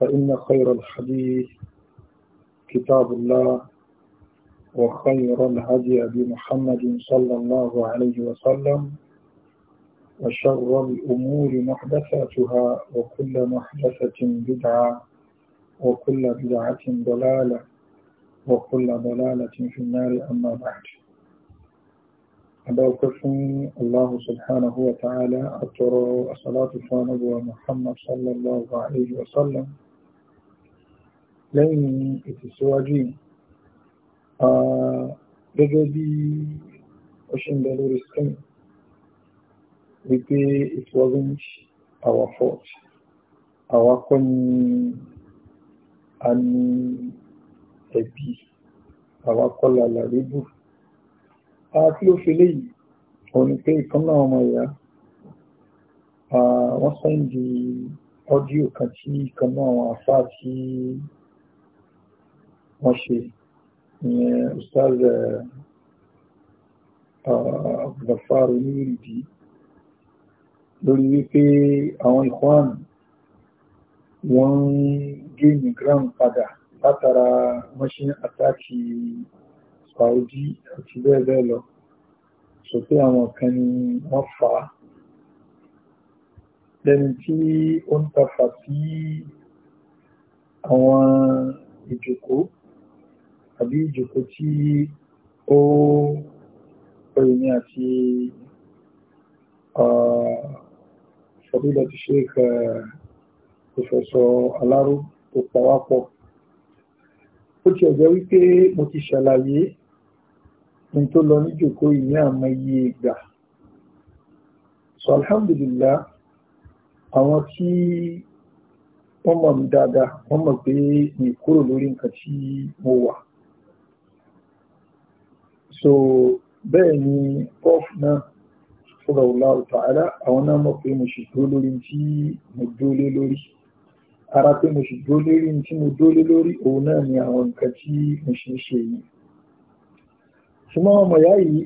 فإن خير الحديث كتاب الله وخير الهدي أبي محمد صلى الله عليه وسلم وشر الأمور محدثاتها وكل محدثة بدعة وكل بدعة ضلالة وكل ضلالة في النار أما بعد أبوكفني الله سبحانه وتعالى أترى الصلاة فانه محمد صلى الله عليه وسلم lẹ́yìn ìtẹ̀síwájú yìí gẹ́gẹ́ bí ó ṣe ń bẹ lórí screen wípé it wasn't our fault àwa kọ́ ni a ní ẹ̀bí àwa kọ́ la àti ó fi léyìí òun pé ìkan náà ọmọ ìyá wọ́n sẹ́ndì ọdíò kan tí ìkan náà àwọn afá tí wọ́n ṣe ìyẹn ustaz eh, ah, Abdulgafar onírìdí lórí wípé àwọn ìkwánu wọ́n gẹ́ẹ̀mì ground padà látara wọ́n ṣe àtàkì Saudi àti bẹ́ẹ̀ bẹ́ẹ̀ lọ sọ pé àwọn kan ni wọ́n fà á lẹ́ni tí ó ń tafà sí àwọn ìjòkó àbí ìjòkó tí ó pẹ̀lú àti ṣàbílẹ̀ ti ṣe kẹ́ ìfẹ̀sọ̀ aláró tó pàwápọ̀. ó ti ọ̀jọ́ wípé mo ti ṣàlàyé ní tó lọ ní jòkó ìní àmọ́ iye ìgbà so alhamdulillah àwọn tí wọ́n mọ̀ mí dáadáa wọ́n mọ̀ pé mi kúrò lórí nǹkan tí mo wà so bẹ́ẹ̀ ni prof náà rahullahu ta'ala àwọn náà mọ̀ pé mo sì dúró lórí tí mo dúró lé lórí ara pé mo sì dúró lórí tí mo dúró lé lórí òun náà ni àwọn nǹkan tí mo sì ń ṣe yìí ṣùgbọ́n ọmọ ìyá yìí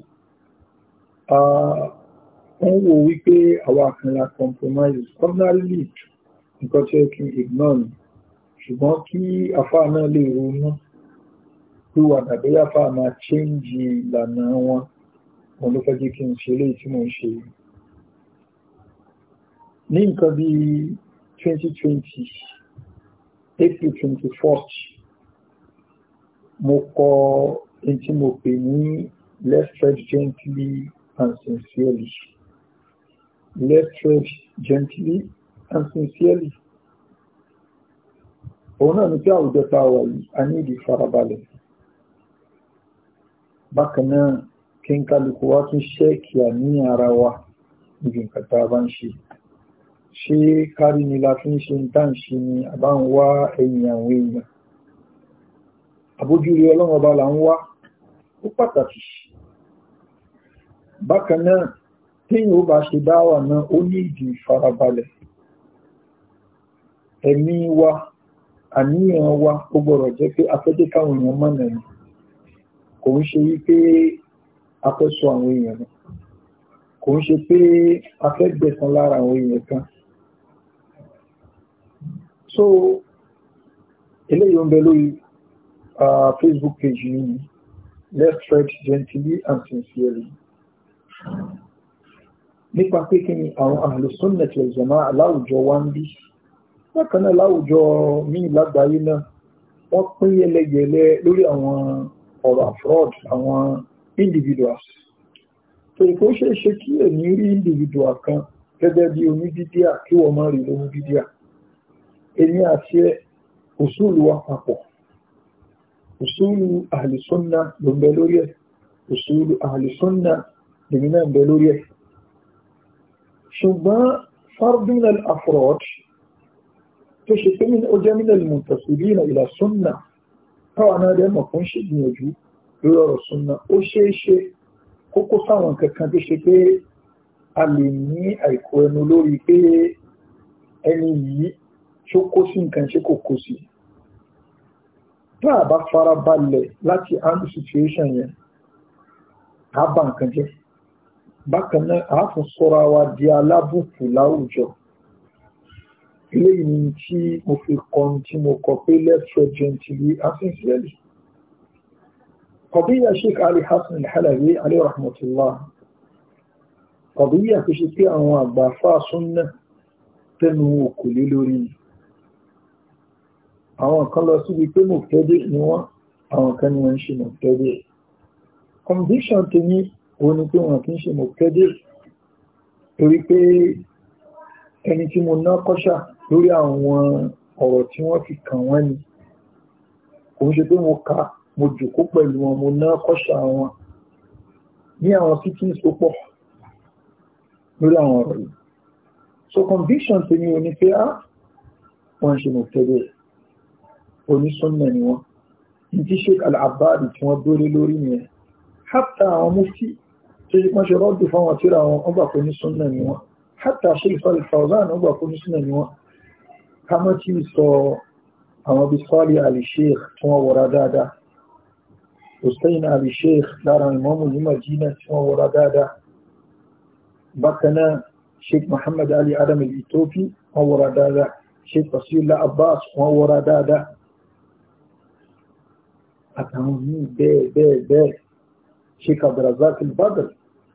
wọ́n wò wípé àwọn àkànlá compromise ordinarily nǹkan tí ó kí ignore ṣùgbọ́n kí afá náà lè ronú pé wà tàbí yáfà máa ṣéǹjì ìlànà wọn wọn ló fẹ́ jẹ́ kí n ṣe léyìí tí mo ń ṣe ní nǹkan bí 2020 April 24 st mo kọ ẹni tí mo pè ní let's tread gently and sincerely let's tread gently and sincerely òun náà ni pé àwùjọ tá a wà yìí a ní ìdí farabalẹ̀ bákan náà kí n kálukú wá tún ṣẹ́ẹ̀kì àníyàn ara wa níbi nǹkan tá a bá ń ṣe ṣé kárí ni la fi ń ṣe ń tá ń ṣe ni àbá ń wá ẹ̀yìn àwọn èèyàn àbójúrí ọlọ́run ọba là ń wá ó pàtàkì bákan náà téèyàn ó bá ṣe dáwà náà ó ní ìdí ìfarabalẹ̀ ẹ̀mí wa àníyàn wa ó gbọ́dọ̀ jẹ́ pé afẹ́dé káwọn èèyàn mọ̀nà ni kò ń ṣe wípé a fẹ́ sọ àwọn èèyàn náà kò ń ṣe pé a fẹ́ lára àwọn èèyàn kan so eléyìí ń bẹ lórí Facebook page mi let's tread gently and sincerely nípa pé kí ni àwọn Ahlus-Sunnah wal Jama'ah aláwùjọ wá ń bí bákan náà láwùjọ míì lágbàáyé náà wọ́n pín yẹlẹyẹlẹ lórí àwọn ọ̀rọ̀ afraud àwọn individuals tó ìkó ṣe é ṣe kí èmi rí individual kan gẹ́gẹ́ bí oníbídíà kí wọ́n má rí lóhun bídíà èmi àti ẹ òṣùlù wa papọ̀ òṣùlù àlùsọ́nà ló ń bẹ lórí ẹ̀ òṣùlù àlùsọ́nà lèmi náà ń bẹ lórí ẹ̀ ṣùgbọ́n fardunal afraud tó ṣe pé ó jẹ́ minal muntasibina ila sunna táwa náà dẹ́ mọ̀ fún ṣègbìyànjú lórí ọ̀rọ̀ súnmọ́ ó ṣeé ṣe kókó sáwọn kankan tó ṣe pé a lè ní àìkú ẹnu lórí pé ẹni yìí ṣó kó sí nǹkan ṣe kò kó sí tá a bá fara balẹ̀ láti handle situation yẹn á bà nǹkan jẹ́ bákan náà a fún sọ́ra wa di alábùkù láwùjọ eléyìí ni tí mo fi kọ́ tí mo kọ pé lẹ́tọ̀ gently and sincerely. قضية الشيخ علي حسن الحلبي عليه رحمة الله قضية تشتكي أنواع بافا سنة تنو كل لوري àwọn kan lọ síbi pé mọ̀tẹ́dẹ̀ ni wọ́n àwọn kan ni wọ́n ń ṣe mọ̀tẹ́dẹ̀ condition tó ní òun ni pé wọ́n kì í ṣe mọ̀tẹ́dẹ̀ torí pé ẹni tí mo ná kọ́ṣà lórí àwọn ọ̀rọ̀ tí wọ́n fi kàn wọ́n ni kò ń ṣe pé mo ka mo jòkó pẹ̀lú wọn mo ná kọ́ṣà wọn ní àwọn títí ìsopọ̀ lórí àwọn ọ̀rọ̀ yìí so conviction tèmi ò ní pé á ah, wọ́n ṣe mo fẹ́ bẹ́ẹ̀ onísọ́nà ni wọ́n ní tí sheik al-abadi tí wọ́n dórí lórí yẹn hátà àwọn mufti tó ṣe pọ́n ṣe rọ́dù fáwọn tíra wọn ọgbà onísọ́nà ni wọ́n hátà sheik al-fawzan ọgbà onísọ́nà ni wọ́n ká mọ́ tí sọ àwọn bí sọ́lì al-sheikh tí wọ́n wọ́ra dáadáa hussein al-sheikh lára imamu ní Madina tí wọ́n wọ́ra dáadáa bákan náà sheikh muhammad ali adam al-itofi wọ́n wọ́ra dáadáa sheikh basirullah abbas wọ́n wọ́ra dáadáa àtàwọn míì bẹ́ẹ̀ bẹ́ẹ̀ bẹ́ẹ̀ sheikh abdulrazak al-badr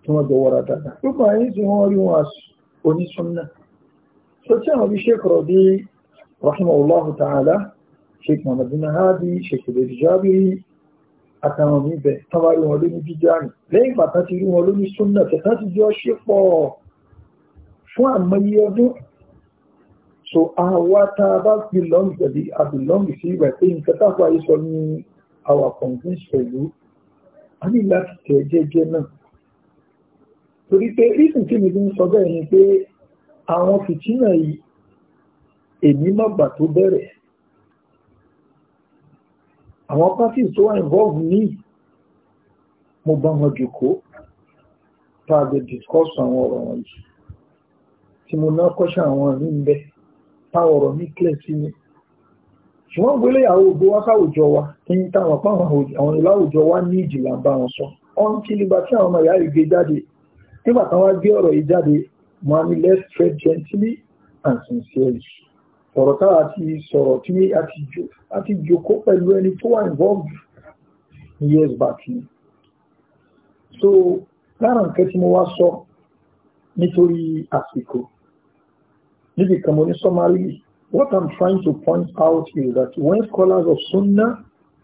tí wọ́n jọ wọ́ra dáadáa gbogbo àyíṣe wọn rí wọn oníṣúná tó tí àwọn bí sheikh rọ̀dí rahimahullahu ta'ala sheikh muhammad bin hadi sheikh ibn jabiri àtàwọn mi bẹ̀ tán bá rí wọn lóní bíjáàni lẹ́yìn ìgbà tán ti rí wọn lóní súnà tẹ̀tán ti jọ ṣe pọ̀ fún àmọye ọdún so àwa tá a bá belong tẹ̀lé a belong sí ìgbà pé nǹkan táwọn ayé sọ ní our convince pẹ̀lú a ní láti tẹ̀ jẹ́jẹ́ náà torí pé èmi mọ̀gbà tó bẹ̀rẹ̀ àwọn parties tó wà involve ní mo bá wọn jòkó tá a lè discuss àwọn ọ̀rọ̀ wọ̀nyí tí mo náà kọ́ṣẹ́ àwọn ìlú ń bẹ táwọn ọ̀rọ̀ mi clear sí mi ṣùgbọ́n gbélé àwọn ògbó wá sáwùjọ wa kí n táwọn pa àwọn ìláwùjọ wa ní ìjìlá bá wọn sọ ọ̀n kí nígbà tí àwọn ọmọ ìyá ìgbé jáde nígbà táwọn gbé ọ̀rọ̀ yìí jáde mo á ní let's tread gently and sincerely. ọ̀rọ̀ táà ti sọ̀rọ̀ tí a ti jòkó pẹ̀lú ẹni tó wà involved years back ni so lára nǹkan tí mo wá sọ nítorí àsìkò níbi kan mo ní sọmarí what i'm trying to point out is that when scholars of sunnah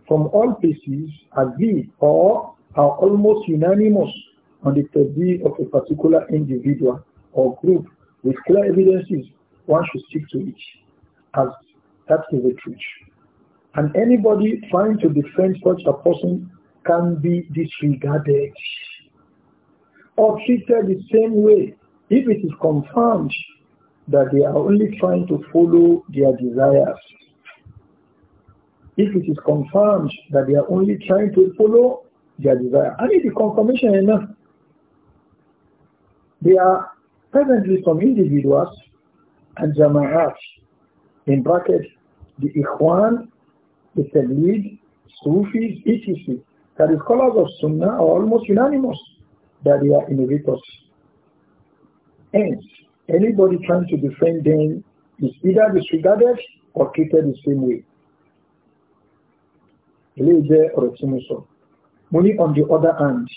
from all places agree or are almost unanimous on the tabir of a particular individual or group with clear evidences one should stick to it as that is a truth. And anybody trying to defend such a person can be disregarded or treated the same way if it is confirmed that they are only trying to follow their desires. If it is confirmed that they are only trying to follow their desire. And if the confirmation enough, there are presently some individuals and jama'at in brackets, the Ikhwan, the Tabligh, Sufis, etc. That the scholars of Sunnah are almost unanimous that they are innovators. Hence, anybody trying to defend them is either disregarded or treated the same way. Only on the other hand,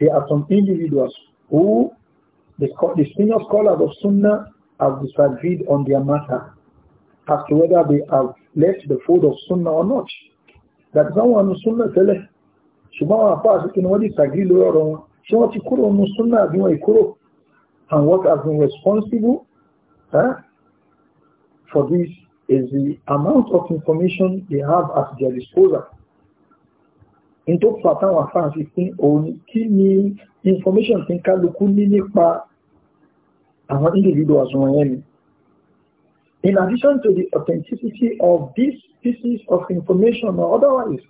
there are some individuals who the, the senior scholars of Sunnah have disagreed on their matter. as to whether they have left the fold of Sunnah or not. That someone nu Sunnah tẹ́lẹ̀ ṣùgbọ́n àwọn apá àti kìnnìwọ́n dì sàgí lórí ọ̀rọ̀ wọn ṣé wọ́n ti kúrò nu Sunnah àbí wọn ìkúrò and what has been responsible eh, for this is the amount of information they have at their disposal. In tó fà táwọn afáàfin pín òun kí ni information tí ń kálukú ní nípa àwọn individuals wọ̀nyẹn ni in addition to the authenticity of these pieces of information or otherwise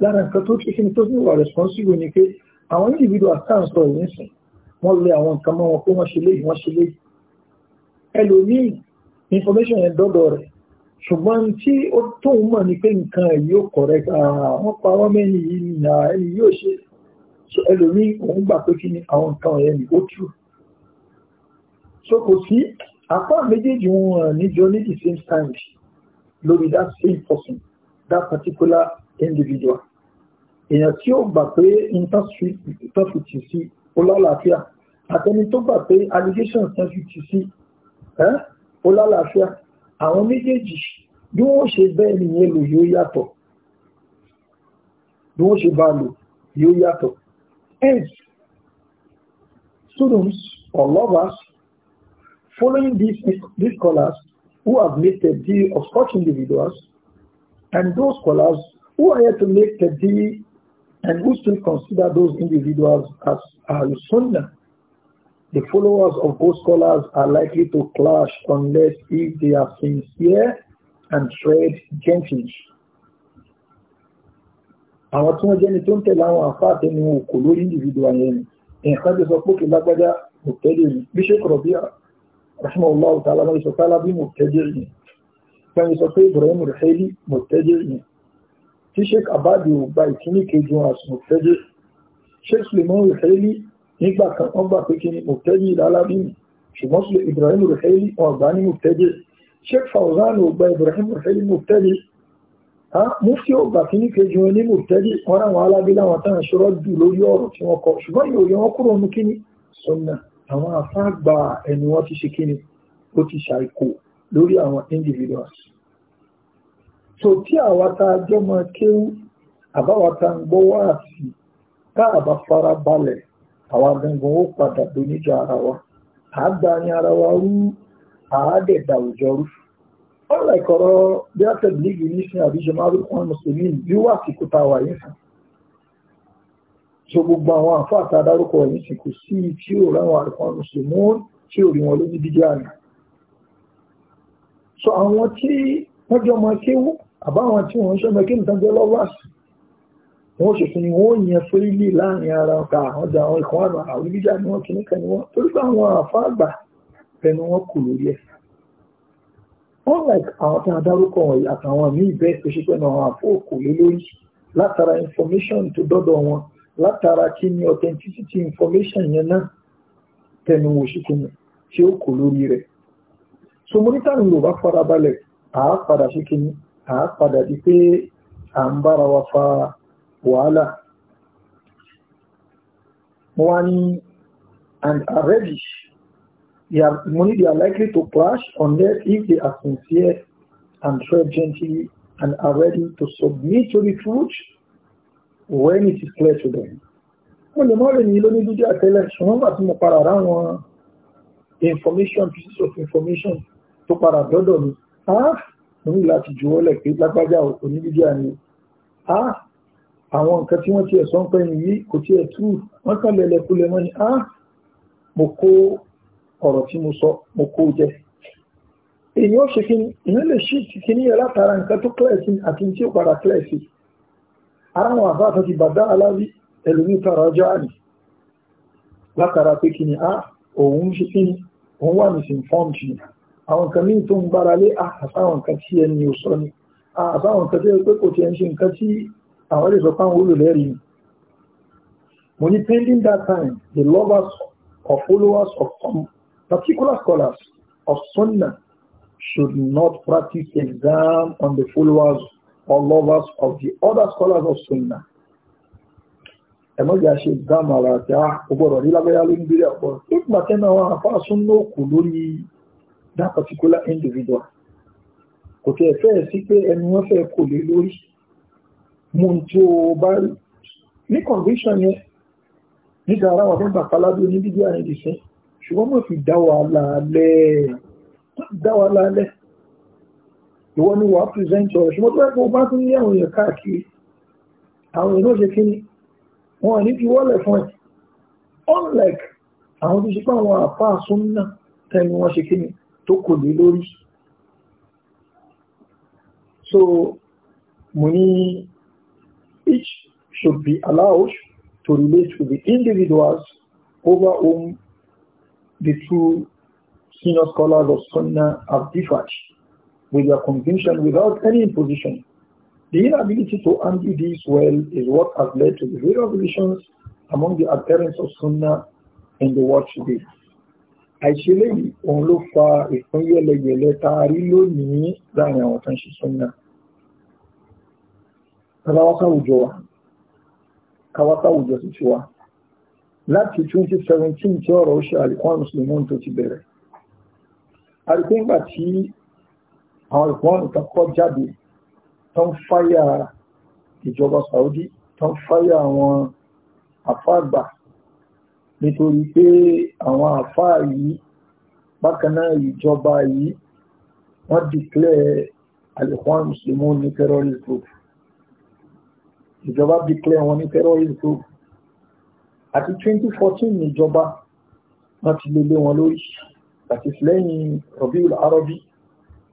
lára nǹkan tó tún kíni tó ní wà responsible ni pé àwọn individual stands for ìyẹnsìn wọ́n lé àwọn nǹkan mọ́ wọn pé wọ́n ṣe léyìí wọ́n ṣe léyìí ẹlòmíì information yẹn dọ́dọ̀ rẹ̀ ṣùgbọ́n tí ó tóun mọ̀ ni pé nǹkan ẹ̀ yóò correct àwọn pa wọ́n mẹ́rin yìí ni ẹni yóò ṣe so ẹlòmíì òun gbà pé kí ni àwọn nǹkan ẹ̀ ni ó true so kò sí apá méjèèjì wọn níjọ ní the same time lórí that same person that particular individual èèyàn tí ó gbà pé intafiti sí olálàáfíà àtẹni tó gbà pé allegations intafiti sí olálàáfíà àwọn méjèèjì bí wọ́n ṣe bẹ́ẹ̀ nìyẹn lò yóò yàtọ̀ bí wọ́n ṣe bá lò yóò yàtọ̀ hence students or lovers Following these, these scholars who have made the deal of such individuals and those scholars who are here to make the deal and who still consider those individuals as al-sunnah, the followers of those scholars are likely to clash unless if they are sincere and tread gently. àwọn tí wọ́n jẹ́ni tó ń tẹ̀lé àwọn àfáàtẹ́ ni wọn kò lórí individual yẹn nìkan tó sọ pé kí lágbájá kò tẹ́lẹ̀ rí bí ṣe kọ̀rọ̀ bí rahimahullahu ta'ala náà sọ tálá bí mubtadi'i pẹ́ni sọ pé Ibrahim Ruhaili mubtadi'i tí Sheikh Abadi ò gba ìkíní kejì wọn àti mubtadi'i Sheikh Suleiman Ruhaili nígbà kan wọ́n gbà pé kí ni mubtadi'i lálábí ṣùgbọ́n sọ Ibrahim Ruhaili wọn gbà ní mubtadi'i Sheikh Fawzan ò gba Ibrahim Ruhaili mubtadi'i mufti ó gbà kí ní kejì wọn ní mubtadi wọn ráwọn alábí láwọn táwọn ṣọ́rọ́ jù lórí ọ̀rọ̀ tí wọ́n kọ ṣùgbọ́n yóò yọ wọn kúrò nù kí ni sunnah àwọn àfáàgbà ẹnu wọn ti ṣe kíni ó ti ṣàìkò lórí àwọn individuals so tí àwa tá a jọ máa kéwú àbáwa tá a ń gbọ́ wá sí tá a bá fara balẹ̀ àwa gangan ó padà doníjà ara wa àádá ní ara wa rú àádẹ́gbà òjò rú ọ̀rọ̀ ìkọ̀rọ̀ bí a tẹ̀lé yìí ní sin àbíjọ márùn-ún mùsùlùmí bí wà sí kúta wà yín fún un so gbogbo àwọn àfáà tá a dárúkọ yìí sì kò sí tí ò ráwọn àrùkọ́ mùsùlùmí tí ò rí wọn lójú dídí àná so àwọn tí wọ́n jọ mọ kéwú àbáwọn tí wọ́n ń ṣọ́mọ kí nìkan jẹ́ lọ́wọ́sì wọ́n ṣe fún ni wọ́n yẹn fúrílì láàrin ara ọ̀ka àwọn ọjà àwọn ìkan àgbà àwọn olùdíjà ni wọ́n kìíní kan ni wọ́n torí pé àwọn àfa àgbà ẹnu wọn kò lórí ẹ̀. wọ́n like àwọn tí a dárúkọ wọ̀nyí àtàwọn míì bẹ́ẹ̀ tó ṣe pé àwọn àfọ kò lé lórí látara information tó dọ́dọ̀ wọn látara kí ni authenticity information yẹn náà tẹnu òṣìkùnmù tí ó kò lórí rẹ̀ so mo ní táwọn yorùbá fara balẹ̀ àá padà sí kíní àá padà di pé à ń bára wa fa wàhálà wọ́n ní and are ready they are money they are likely to crash unless if they are sincere and tread gently and are ready to submit to the truth when it is clear to them. Mo lè mọ́ rìn ní lóní dúdú àtẹ́lẹ̀ ṣùgbọ́n bàtí mo padà ráwọn information pieces of information tó padà dọ́dọ̀ mi. Ah! Mo ní láti juwọ́lẹ̀ pé lágbájá òní dúdú àní. Ah! Àwọn nǹkan tí wọ́n ti ẹ̀sọ́ ń pẹ́yìn yìí kò tiẹ̀ tú. Wọ́n kàn lẹ̀lẹ̀ kulẹ̀ mọ́ ni. Ah! Mo kó ọ̀rọ̀ tí mo sọ, mo kó jẹ. Èyí ó ṣe kí ni, ìyẹn lè ṣí kí ni yẹ látara nǹkan tó kílẹ̀ sí àti tí ó padà kílẹ̀ sí ara wọn àbá bàbá aláwí ẹlùmí tààrà ọjọ́ àní látara pé kí ni a ah, òun ṣe kí ni òun wà ní sinfọ́ǹtì ni àwọn nǹkan míì tó ń gbára lé ah, àtàwọn nǹkan tí ẹni ò sọ ni ah, àtàwọn nǹkan tí ó pé kò tiẹ̀ ń ṣe nǹkan tí àwọn lè sọ àwọn olùlẹ́rìí ni mo ní pending that time the lovers or followers of some particular scholars of sunna should not practice exam on the followers or lovers of the other scholars of Sunnah. Ẹ̀mọ́jà ṣe dáàmù ara àti ọgbọ̀rọ̀ ní lábẹ́yà ló ń gbélé ọ̀pọ̀rọ̀. Ó gbà tẹ́nà àwọn afáàsún náà kù lórí that particular individual. Kò tẹ́ fẹ́ sí pé ẹni wọ́n fẹ́ kò lé lórí. Mo ń tó bá rí. Ní conviction yẹn, nígbà ara wọn fẹ́ gbà pálábí oníbíbí àyẹ̀dìsẹ́. Ṣùgbọ́n mo fi dá wàhálà alẹ́. Dá wàhálà alẹ́ ìwọ ni wàá present ọ̀rọ̀ ṣùgbọ́n tó ẹ̀kọ́ bá tún ní àwọn èèyàn káàkiri àwọn èèyàn ó ṣe kí ni wọn ní fi wọ́lẹ̀ fún ẹ̀ unlike àwọn tó ṣe pé àwọn àpá súnmọ́ tẹnu wọn ṣe kí ni tó kò lé lórí so mo ní each should be allowed to relate to the individuals over whom the two senior scholars of Sunnah have differed with your conviction without any imposition. The inability to undo this well is what has led to the various divisions among the adherents of Sunnah in the world today. àìṣeré yìí òun ló fa ìpínyẹlẹyẹlẹ tá a rí lónìí láàrin àwọn tó ń ṣe Sunnah. Kawata àwùjọ wa, kawata àwùjọ sì ti wa. Láti 2017 tí ọ̀rọ̀ ó ṣe àlìkọ́ àmùsùlùmọ́ tó ti bẹ̀rẹ̀. Àrùkú ìgbà tí àwọn ìwọ́n kan kọ́ jáde tó ń fáyà ìjọba Saudi tó ń fáyà àwọn àfáàgbà nítorí pé àwọn àfáà yìí bákan náà ìjọba yìí wọ́n declare al-Ikhwan Muslimun ní terrorist group ìjọba declare wọn ní terrorist group àti 2014 níjọba wọ́n ti lè lé wọn lórí àti lẹ́yìn Rabiul Arabi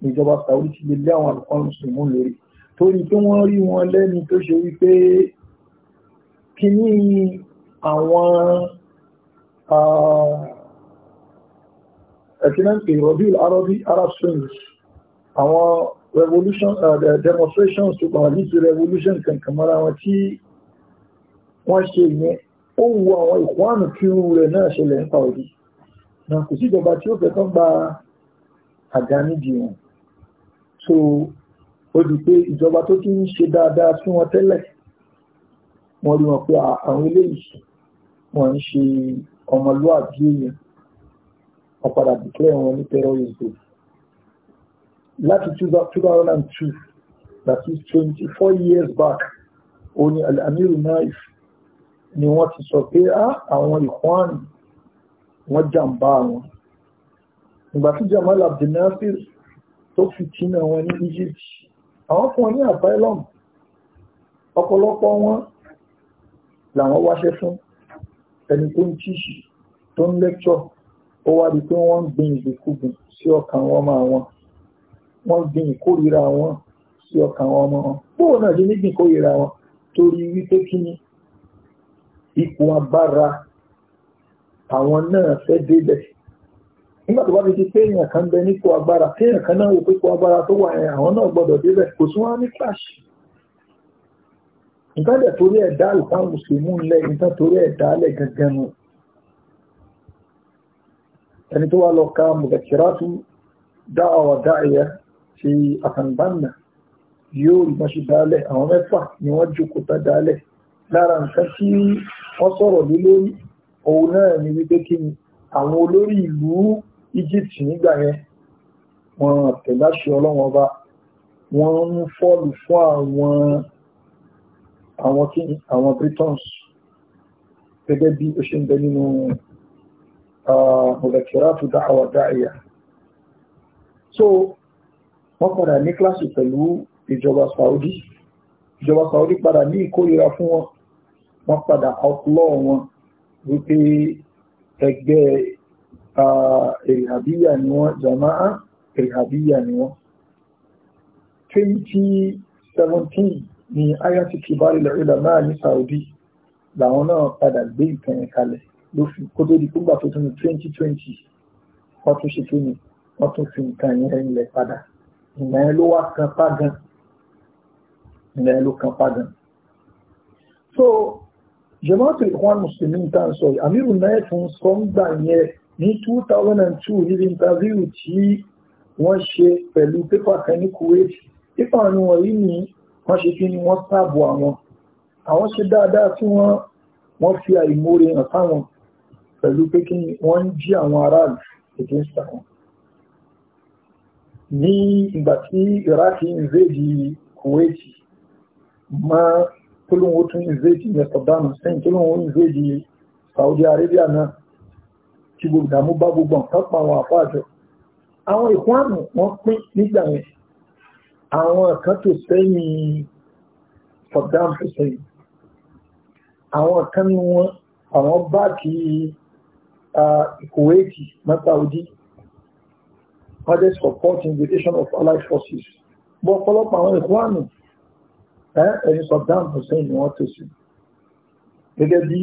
ìjọba Saudi ti lè lé àwọn àlùfáà mùsùlùmí lórí torí pé wọ́n rí wọn lẹ́ni tó ṣe wípé kíní àwọn ẹ̀kínáǹkì rọ̀bí arabi arab springs àwọn revolution demonstrations tó kàn nítorí revolution kankan mara wọn tí wọ́n ṣe ìyẹn ó wu àwọn ìkwánù kí irú rẹ̀ náà ṣẹlẹ̀ ń pa òdì náà kò sí ìjọba tí ó fẹ́ tán gba àdánìdì wọn so ó di pé ìjọba tó tún ń ṣe dáadáa sí wọn tẹ́lẹ̀ wọ́n rí wọn pé àwọn eléyìí wọ́n ń ṣe ọmọlúwàbí èèyàn wọ́n padà dìklẹ́ wọn ní terrorism láti 2002 that is 24 years back o ní Al-Amiru Naif ni wọ́n ti sọ pé àwọn ìkwáàní wọ́n jàǹbá wọn ìgbà tí Jamal Abdel Nasir tó fìtínà wọn ní Egypt àwọn fún wọn ní asylum ọ̀pọ̀lọpọ̀ wọn làwọn wáṣẹ́ fún ẹni tó ń tíṣì tó ń lẹ́kṣọ̀ ó wá di pé wọ́n ń gbin ìgbèkúgbìn sí ọkàn wọn máa wọn wọ́n gbin ìkórìíra wọn sí ọkàn wọn ọmọ wọn bóun náà ṣe nígbìn ìkórìíra wọn torí wípé kí ni ipò agbára àwọn náà fẹ́ débẹ̀ nígbà tó bá fi di pé èèyàn kan bẹ nípò agbára pé èèyàn kan náà wò pé ipò agbára tó wà yẹn àwọn náà gbọdọ̀ débẹ̀ kò sí wọn ní clash nǹkan dẹ̀ torí ẹ̀ dá àlùfáà mùsùlùmí ńlẹ̀ nǹkan torí ẹ̀ dá lẹ̀ gangan nù ẹni tó wá lọ ka mùdàkìrátù dáàwà dáàyà ti àtàǹbánà yóò rí mọ́ṣí dálẹ̀ àwọn mẹ́fà ni wọ́n jókòtà dálẹ̀ lára nǹkan tí wọ́n sọ̀rọ̀ lé ni wípé kí ni Egypt nígbà yẹn wọn àtẹ̀láṣẹ ọlọ́wọ́n ọba wọ́n ń fọ́ọ̀lù fún àwọn àwọn kí àwọn Britons gẹ́gẹ́ bí ó ṣe ń bẹ nínú mọ̀lẹ́kìrátù dáhàwà dáhìyà so wọ́n padà ní kíláàsì pẹ̀lú ìjọba Saudi ìjọba Saudi padà ní ìkórira fún wọn wọ́n padà outlaw wọn wípé ẹgbẹ́ ìrìhàbíyà ni wọ́n jama'a ìrìhàbíyà ni wọ́n 2017 ni ayati kibari lẹ́rìlàmá ní Saudi làwọn náà padà gbé ìtàn yẹn kalẹ̀ lófin kó tó di kúgbà tó tún 2020 wọ́n tún ṣe kí ni wọ́n tún fi nǹkan yẹn ilẹ̀ padà ìgbà yẹn ló wá kan pagan ìgbà yẹn ló kan pagan. so jamaatul ikhwan muslimin tá à ń sọ yìí amiru náà tún sọ ń gbà yẹn ní 2002 níbi interview tí wọ́n ṣe pẹ̀lú pépà kan ní Kuwait pépà ni wọ́n yìí ni wọ́n ṣe kí ni wọ́n tààbò àwọn àwọn ṣe dáadáa tí wọ́n wọ́n fi àìmóre hàn fáwọn pẹ̀lú pé kí wọ́n ń jí àwọn aráàlú against àwọn ní ìgbà tí Iraq invade Kuwait mọ́ tó lóun ó tún invade Mesopotamia sẹ́yìn tó lóun ó invade Saudi Arabia náà tí gbogbo ìdààmú bá gbogbo nǹkan pa àwọn àfáàjọ àwọn ìkún àmì wọn pín nígbà yẹn àwọn kan tó sẹ́yìn Saddam Hussein àwọn kan ní wọn àwọn báàkì Kuwaiti mẹ́tàwọ́dí wọ́n dẹ̀ support invitation of allied forces bọ́ ọ̀pọ̀lọpọ̀ àwọn ìkún àmì ẹni Saddam Hussein ni wọ́n tó sí gẹ́gẹ́ bí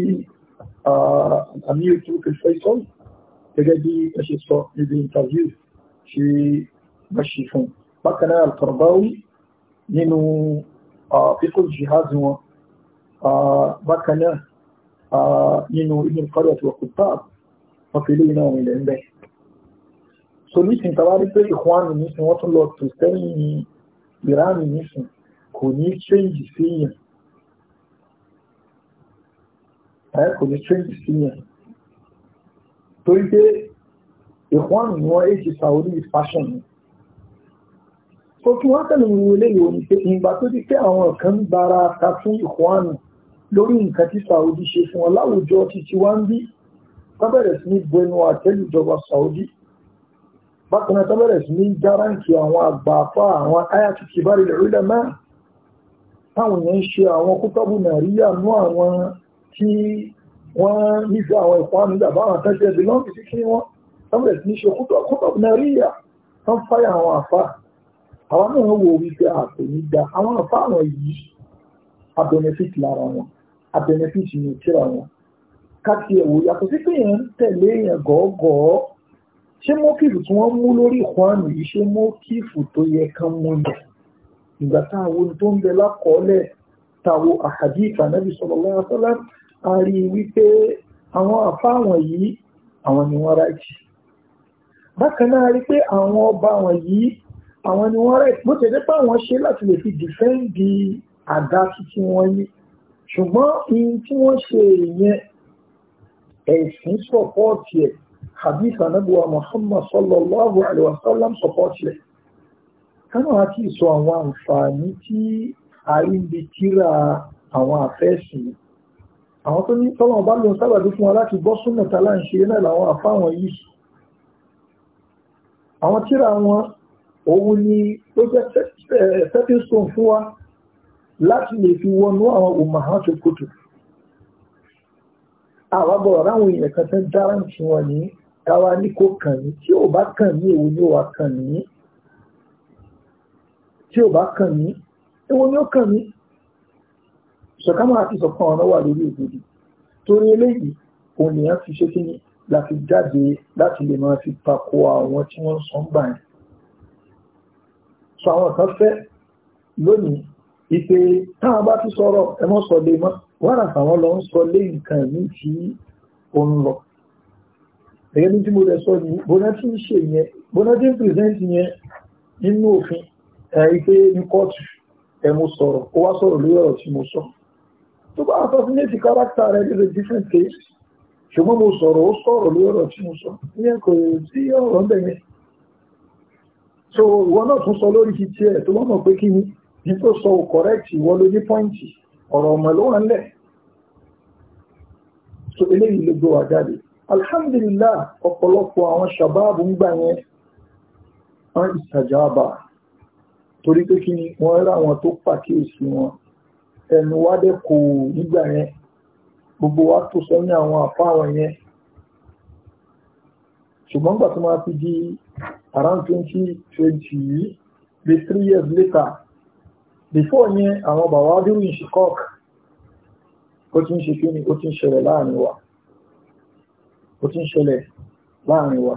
àmì ètò ìfẹ́ ìsọ́yìn gẹ́gẹ́ bí ẹ ṣe sọ níbi interview ṣe bá ṣe fún bákan náà al-Qaradawi nínú fíkọ́ jihad wọn bákan náà nínú ibn al-Qaryah àti wàkútà wọn fi lóyún àwọn ilẹ̀ ń bẹ̀. so nísìnyí tàbá rí pé ìkùnánù nísìnyí wọ́n tún lọ tù sẹ́yìn ìránì nísìnyí kò ní change sí yẹn kò ní change sí yẹn torí pé ìpọ́nù ni wọ́n èsì Saudi fashion ni so kí wọ́n tẹ̀lé wíwo léyìí omi pé ìgbà tó ti pé àwọn kan gbára ta fún ìpọ́nù lórí nǹkan tí Saudi ṣe fún wọn láwùjọ títí wá ń bí tábẹ̀rẹ̀ sí ní gbẹnu àtẹ́lù ìjọba Saudi bákan náà tábẹ̀rẹ̀ sí ní gáráǹkì àwọn àgbà afá àwọn ayatollah kibari lórílẹ̀ náà táwọn èèyàn ń ṣe àwọn kútọ́bù nàìjíríà nú àwọn tí wọ́n nífẹ̀ẹ́ àwọn ìpánu ìgbàbá àwọn tẹ́jẹ́ belongi sí kí wọ́n tọ́bẹ̀ ní ṣe kútọ̀ nàíríà tán fáyà àwọn àfá àwọn náà wo wípé àpè ní dá àwọn àfá àwọn yìí abẹnẹfíìtì lára wọn abẹnẹfíìtì ní ìtura wọn káàkiri ẹ̀wò yàtọ̀ sí pé èèyàn ń tẹ̀lé èèyàn gọ́ọ̀gọ́ ṣé mọ́kìfù tí wọ́n mú lórí ìkọ́nù yìí ṣé mọ́kìfù tó yẹ kán mú yẹ ìgbà táwọn tó ń bẹ lákọọ́lẹ̀ táwọn àhàdí ìfànàbí sallallahu alaihi wasallam a rí wípé àwọn àfáwọn yìí àwọn ni wọ́n rájì bákan náà rí pé àwọn ọba wọn yìí àwọn ni wọ́n rájì bó tẹ̀lé pé àwọn ṣe láti lè fi dìfẹ́ǹdì àdá tuntun wọn yìí ṣùgbọ́n ihun tí wọ́n ṣe ìyẹn ẹ̀sìn sọ̀pọ̀tì ẹ̀ hadith anabuwa muhammad sallallahu alaihi wa sallam sọ̀pọ̀tì ẹ̀ kánà àti ìsọ àwọn àǹfààní tí àríbi tíra àwọn àfẹ́sìn yìí àwọn tó ní tọ́lọ̀wọ̀n bá lóun sábàbí fún wa láti bọ́ súnmọ̀ tààlà ń ṣe náà làwọn àfáwọn yìí àwọn tíra wọn òun ni ó jẹ́ eh, stepping stone fún wa láti lè fi wọnú àwọn ummahatu kutub àwábọ̀ ráwọn èèyàn kan tán dára ń fi wọn ní káwa ní kò kàn ní tí ò bá kàn ní èwo ni ó wà kàn ní tí ò bá kàn ní èwo ni ó kàn ní ṣọ̀kámọ́ àti ìṣọ̀kan ọ̀nà wà lórí òdodo torí eléyìí òun nìyẹn fi ṣe kí ni la fi jáde láti lè máa fi tako àwọn tí wọ́n ń sọ ń gbà yẹn. sọ àwọn kan fẹ́ lónìí ìpè táwọn bá ti sọ̀rọ̀ ẹ mọ́ sọ lé mọ́ wàrà táwọn lọ ń sọ lé nǹkan ní tí ó ń lọ. gẹ́gẹ́ bí tí mo lè sọ ní bóná tí ń ṣe yẹn bóná tí ń pìrìsẹ́ǹtì yẹn nínú òfin ìpè ní kóòtù ẹ mo sọ̀rọ̀ ó wá sọ̀rọ̀ lórí ọ̀rọ̀ tí mo sọ̀rọ̀ tó bá assassinate character rẹ̀ is a different case ṣùgbọ́n mo sọ̀rọ̀ ó sọ̀rọ̀ lórí ọ̀rọ̀ tí mo sọ ìyẹn kò so ìwọ náà tún sọ lórí ti tiẹ̀ tó lọ́nà pé kí ni ní tó sọ ò correct ìwọ ló ní pọ́ǹtì ọ̀rọ̀ ọ̀mọ̀ ló wà ń lẹ̀ so eléyìí ló gbé wa jáde alhamdulillah ọ̀pọ̀lọpọ̀ àwọn ṣàbáàbù ń gbà yẹn wọ́n ìsàjàbà torí pé kí ni wọ́n rá àwọn tó pàkíyèsí wọn ẹnu wa dẹ̀ kò nígbà yẹn gbogbo wa tó sẹ́yìn àwọn àpá yẹn ṣùgbọ́n gbà tó máa fi di around twenty twenty yìí bí three years later before yẹn àwọn bàbá dúró ìṣìkọ́k ó ti ń ṣe kí ni ó ti ń ṣẹlẹ̀ láàrin wa ó ti ń ṣẹlẹ̀ láàrin wa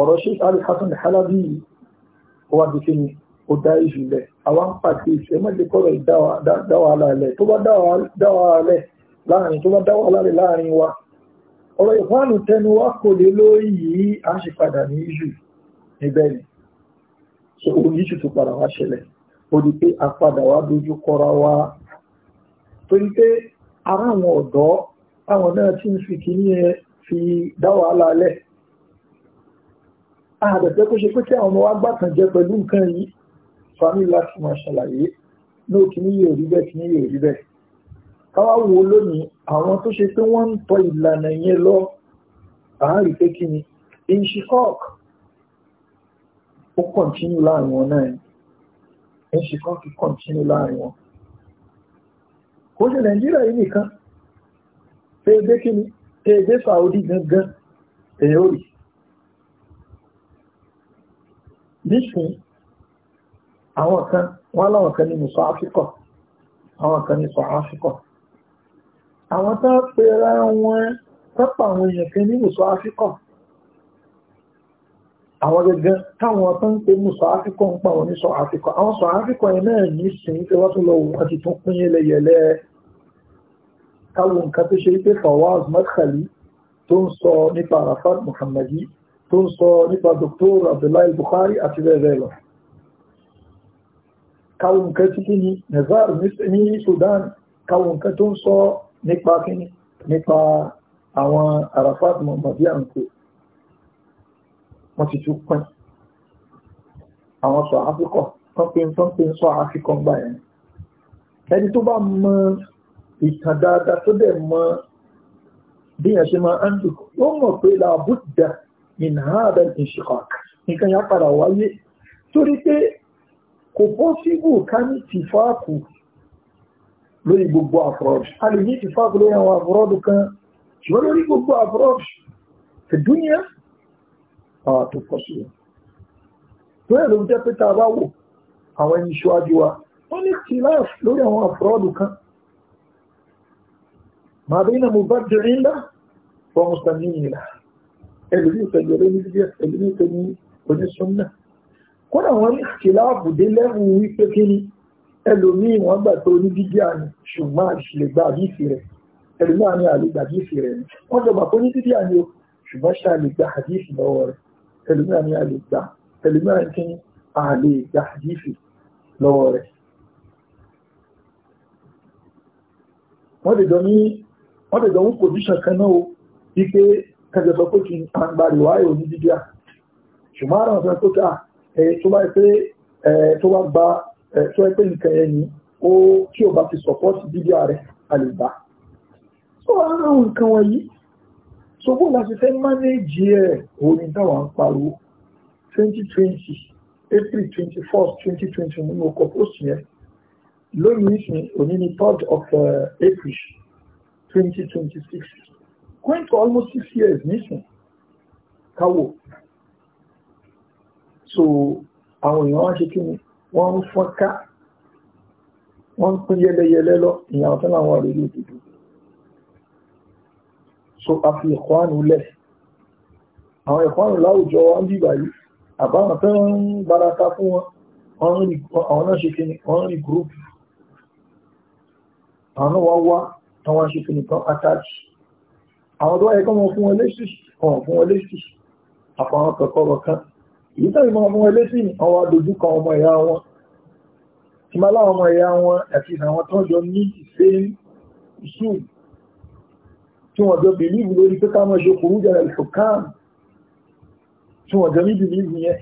ọ̀rọ̀ sheikh ali halabi ó wá ni ó dá ìṣù lẹ̀ àwa ń pàṣẹ ìṣẹ́ mọ́jẹ́ kọ́rọ̀ dawa tó bá dawa láàrin láàrin wa ọ̀rọ̀ ìfáànù tẹnu wá kò lé lórí yìí a ṣe padà ní ìṣù níbẹ̀ ni so òun tó padà wá ṣẹlẹ̀ ó di pé a padà dojú kọra wa torí pé ara àwọn ọ̀dọ́ àwọn náà ti ń fi fi lẹ̀ kó ṣe pé kí àwọn ọmọ wa sani láti máa ṣàlàyé ní òkè ní yóò rí bẹ́ẹ̀ kí ní yóò rí bẹ́ẹ̀ káwá wo lónìí àwọn tó ṣe pé wọ́n ń tọ ìlànà yẹn lọ àárí pé kí ni inshikok ó kọ̀ntínú láàrin wọn náà inshikok kọ̀ntínú láàrin wọn kò ṣe nàìjíríà yìí nìkan tẹ́ẹ̀dé kí ni tẹ́ẹ̀dé saudi gangan èèyàn rí nísìnyí àwọn kan wọ́n láwọn kan ní musa áfíkọ̀ àwọn kan ní sọ áfíkọ̀ àwọn tó pera wọn pápá àwọn èèyàn kan ní musa áfíkọ̀ àwọn gẹ́gẹ́ táwọn tó ń pe musa áfíkọ̀ ń pa wọn ní sọ áfíkọ̀ àwọn sọ áfíkọ̀ yẹn náà ní sìn pé wọ́n tún lọ wọ́n ti tún pín yẹlẹyẹlẹ káwọn nǹkan tó ṣe pé fawaz madkhali tó ń sọ nípa arafat muhammadi tó ń sọ nípa dr abdullahi bukhari àti bẹ́ẹ̀ bẹ́ẹ̀ lọ káwọn nǹkan tí kí ni nazar ní Sudan káwọn nǹkan tó ń sọ nípa kí ni nípa àwọn Arafat Muhammadu àǹkó wọ́n ti tún pín àwọn sọ áfíkọ̀ tọ́pin tọ́pin sọ áfíkọ̀ ń gbà yẹn ẹni tó bá mọ ìtàn dáadáa tó dẹ̀ mọ bí yẹn ṣe máa ń dùn yóò mọ̀ pé làbúdà ìnáhàdà ìṣìkọ̀ nǹkan yà padà wáyé torí pé kò pọ́síbù ká ní tìfáàkù lórí gbogbo àfúrọ́dù a lè ní tìfáàkù lórí àwọn àfúrọ́dù kan ṣùgbọ́n lórí gbogbo àfúrọ́dù fìdúnyà tó pọ́síbù tó yẹ ló ń jẹ́ pé tá a bá wò àwọn ẹni ṣíwájú wa wọ́n ní tìláàf lórí àwọn àfúrọ́dù kan màá bẹ́ẹ̀ náà mo bá jẹrìí ńlá wọ́n mú sàmì ìlà ẹlòmíì pẹ̀lú ẹlòmíì pẹ̀lú oníṣúná kódà wọ́n ní kìláàbù dé lẹ́rù wípé kí ni ẹlòmíì wọ́n gbà tó ní dídíà ni ṣùgbọ́n àṣìlè gba àdìsí rẹ̀ ẹlòmíì àní àlègbà àdìsí rẹ̀ ni wọ́n jọba tó ní dídíà ni o ṣùgbọ́n ṣe àlègbà àdìsí lọ́wọ́ rẹ̀ ẹlòmíì àní àlègbà ẹlòmíì àní kí ni àlègbà àdìsí lọ́wọ́ rẹ̀. wọ́n lè jọ ní wọ́n lè jọ ń pòsíṣàn kan náà o wípé kẹjọ pé kí n gbàgbé tó bá pé tó bá gba tó ẹ pé nǹkan yẹn ni ó tí ò bá ti support fídíò rẹ̀ a lè gbà. tó wàá ràn án nǹkan wọ̀nyí ṣògbó láti fẹ́ mánéèjì ẹ̀ òní táwọn ń pariwo twenty twenty april twenty first twenty twenty nínú ọkọ̀ post yẹn lónìí ìsìn òní ni third of uh, april twenty twenty six going to almost six years nísìn káwọ́ so àwọn èèyàn wọ́n ṣe kí ni wọ́n ń fọ́nká wọ́n ń pín yẹlẹyẹlẹ lọ ìyàn tó náà wọ́n òdòdó so a fi ìkọ́nù lẹ̀ àwọn ìkọ́nù láwùjọ wọn bí báyìí àbáwọn tó ń baraka fún wọn àwọn náà ṣe kí ni wọ́n rí gúrúùpù àwọn náà wọ́n wá àwọn ṣe kí ni kan attached àwọn tó wáyé kọ́ wọn fún wọn lẹ́sì àwọn fún wọn lẹ́sì àpò àwọn kọ̀ọ̀kọ̀rọ̀ èyí tàbí máa mú ẹlẹ́sìn ní àwọn adójúkọ ọmọ ẹ̀yà wọn tí máa láwọn ọmọ ẹ̀yà wọn àti àwọn tọ́jọ ní ìsẹ́yìn ìṣùn tí wọ́n jọ bìlíìfù lórí pé káwọn ṣe kòrú jẹ́ ìṣọ̀kán tí wọ́n jọ ní bìlíìfù yẹn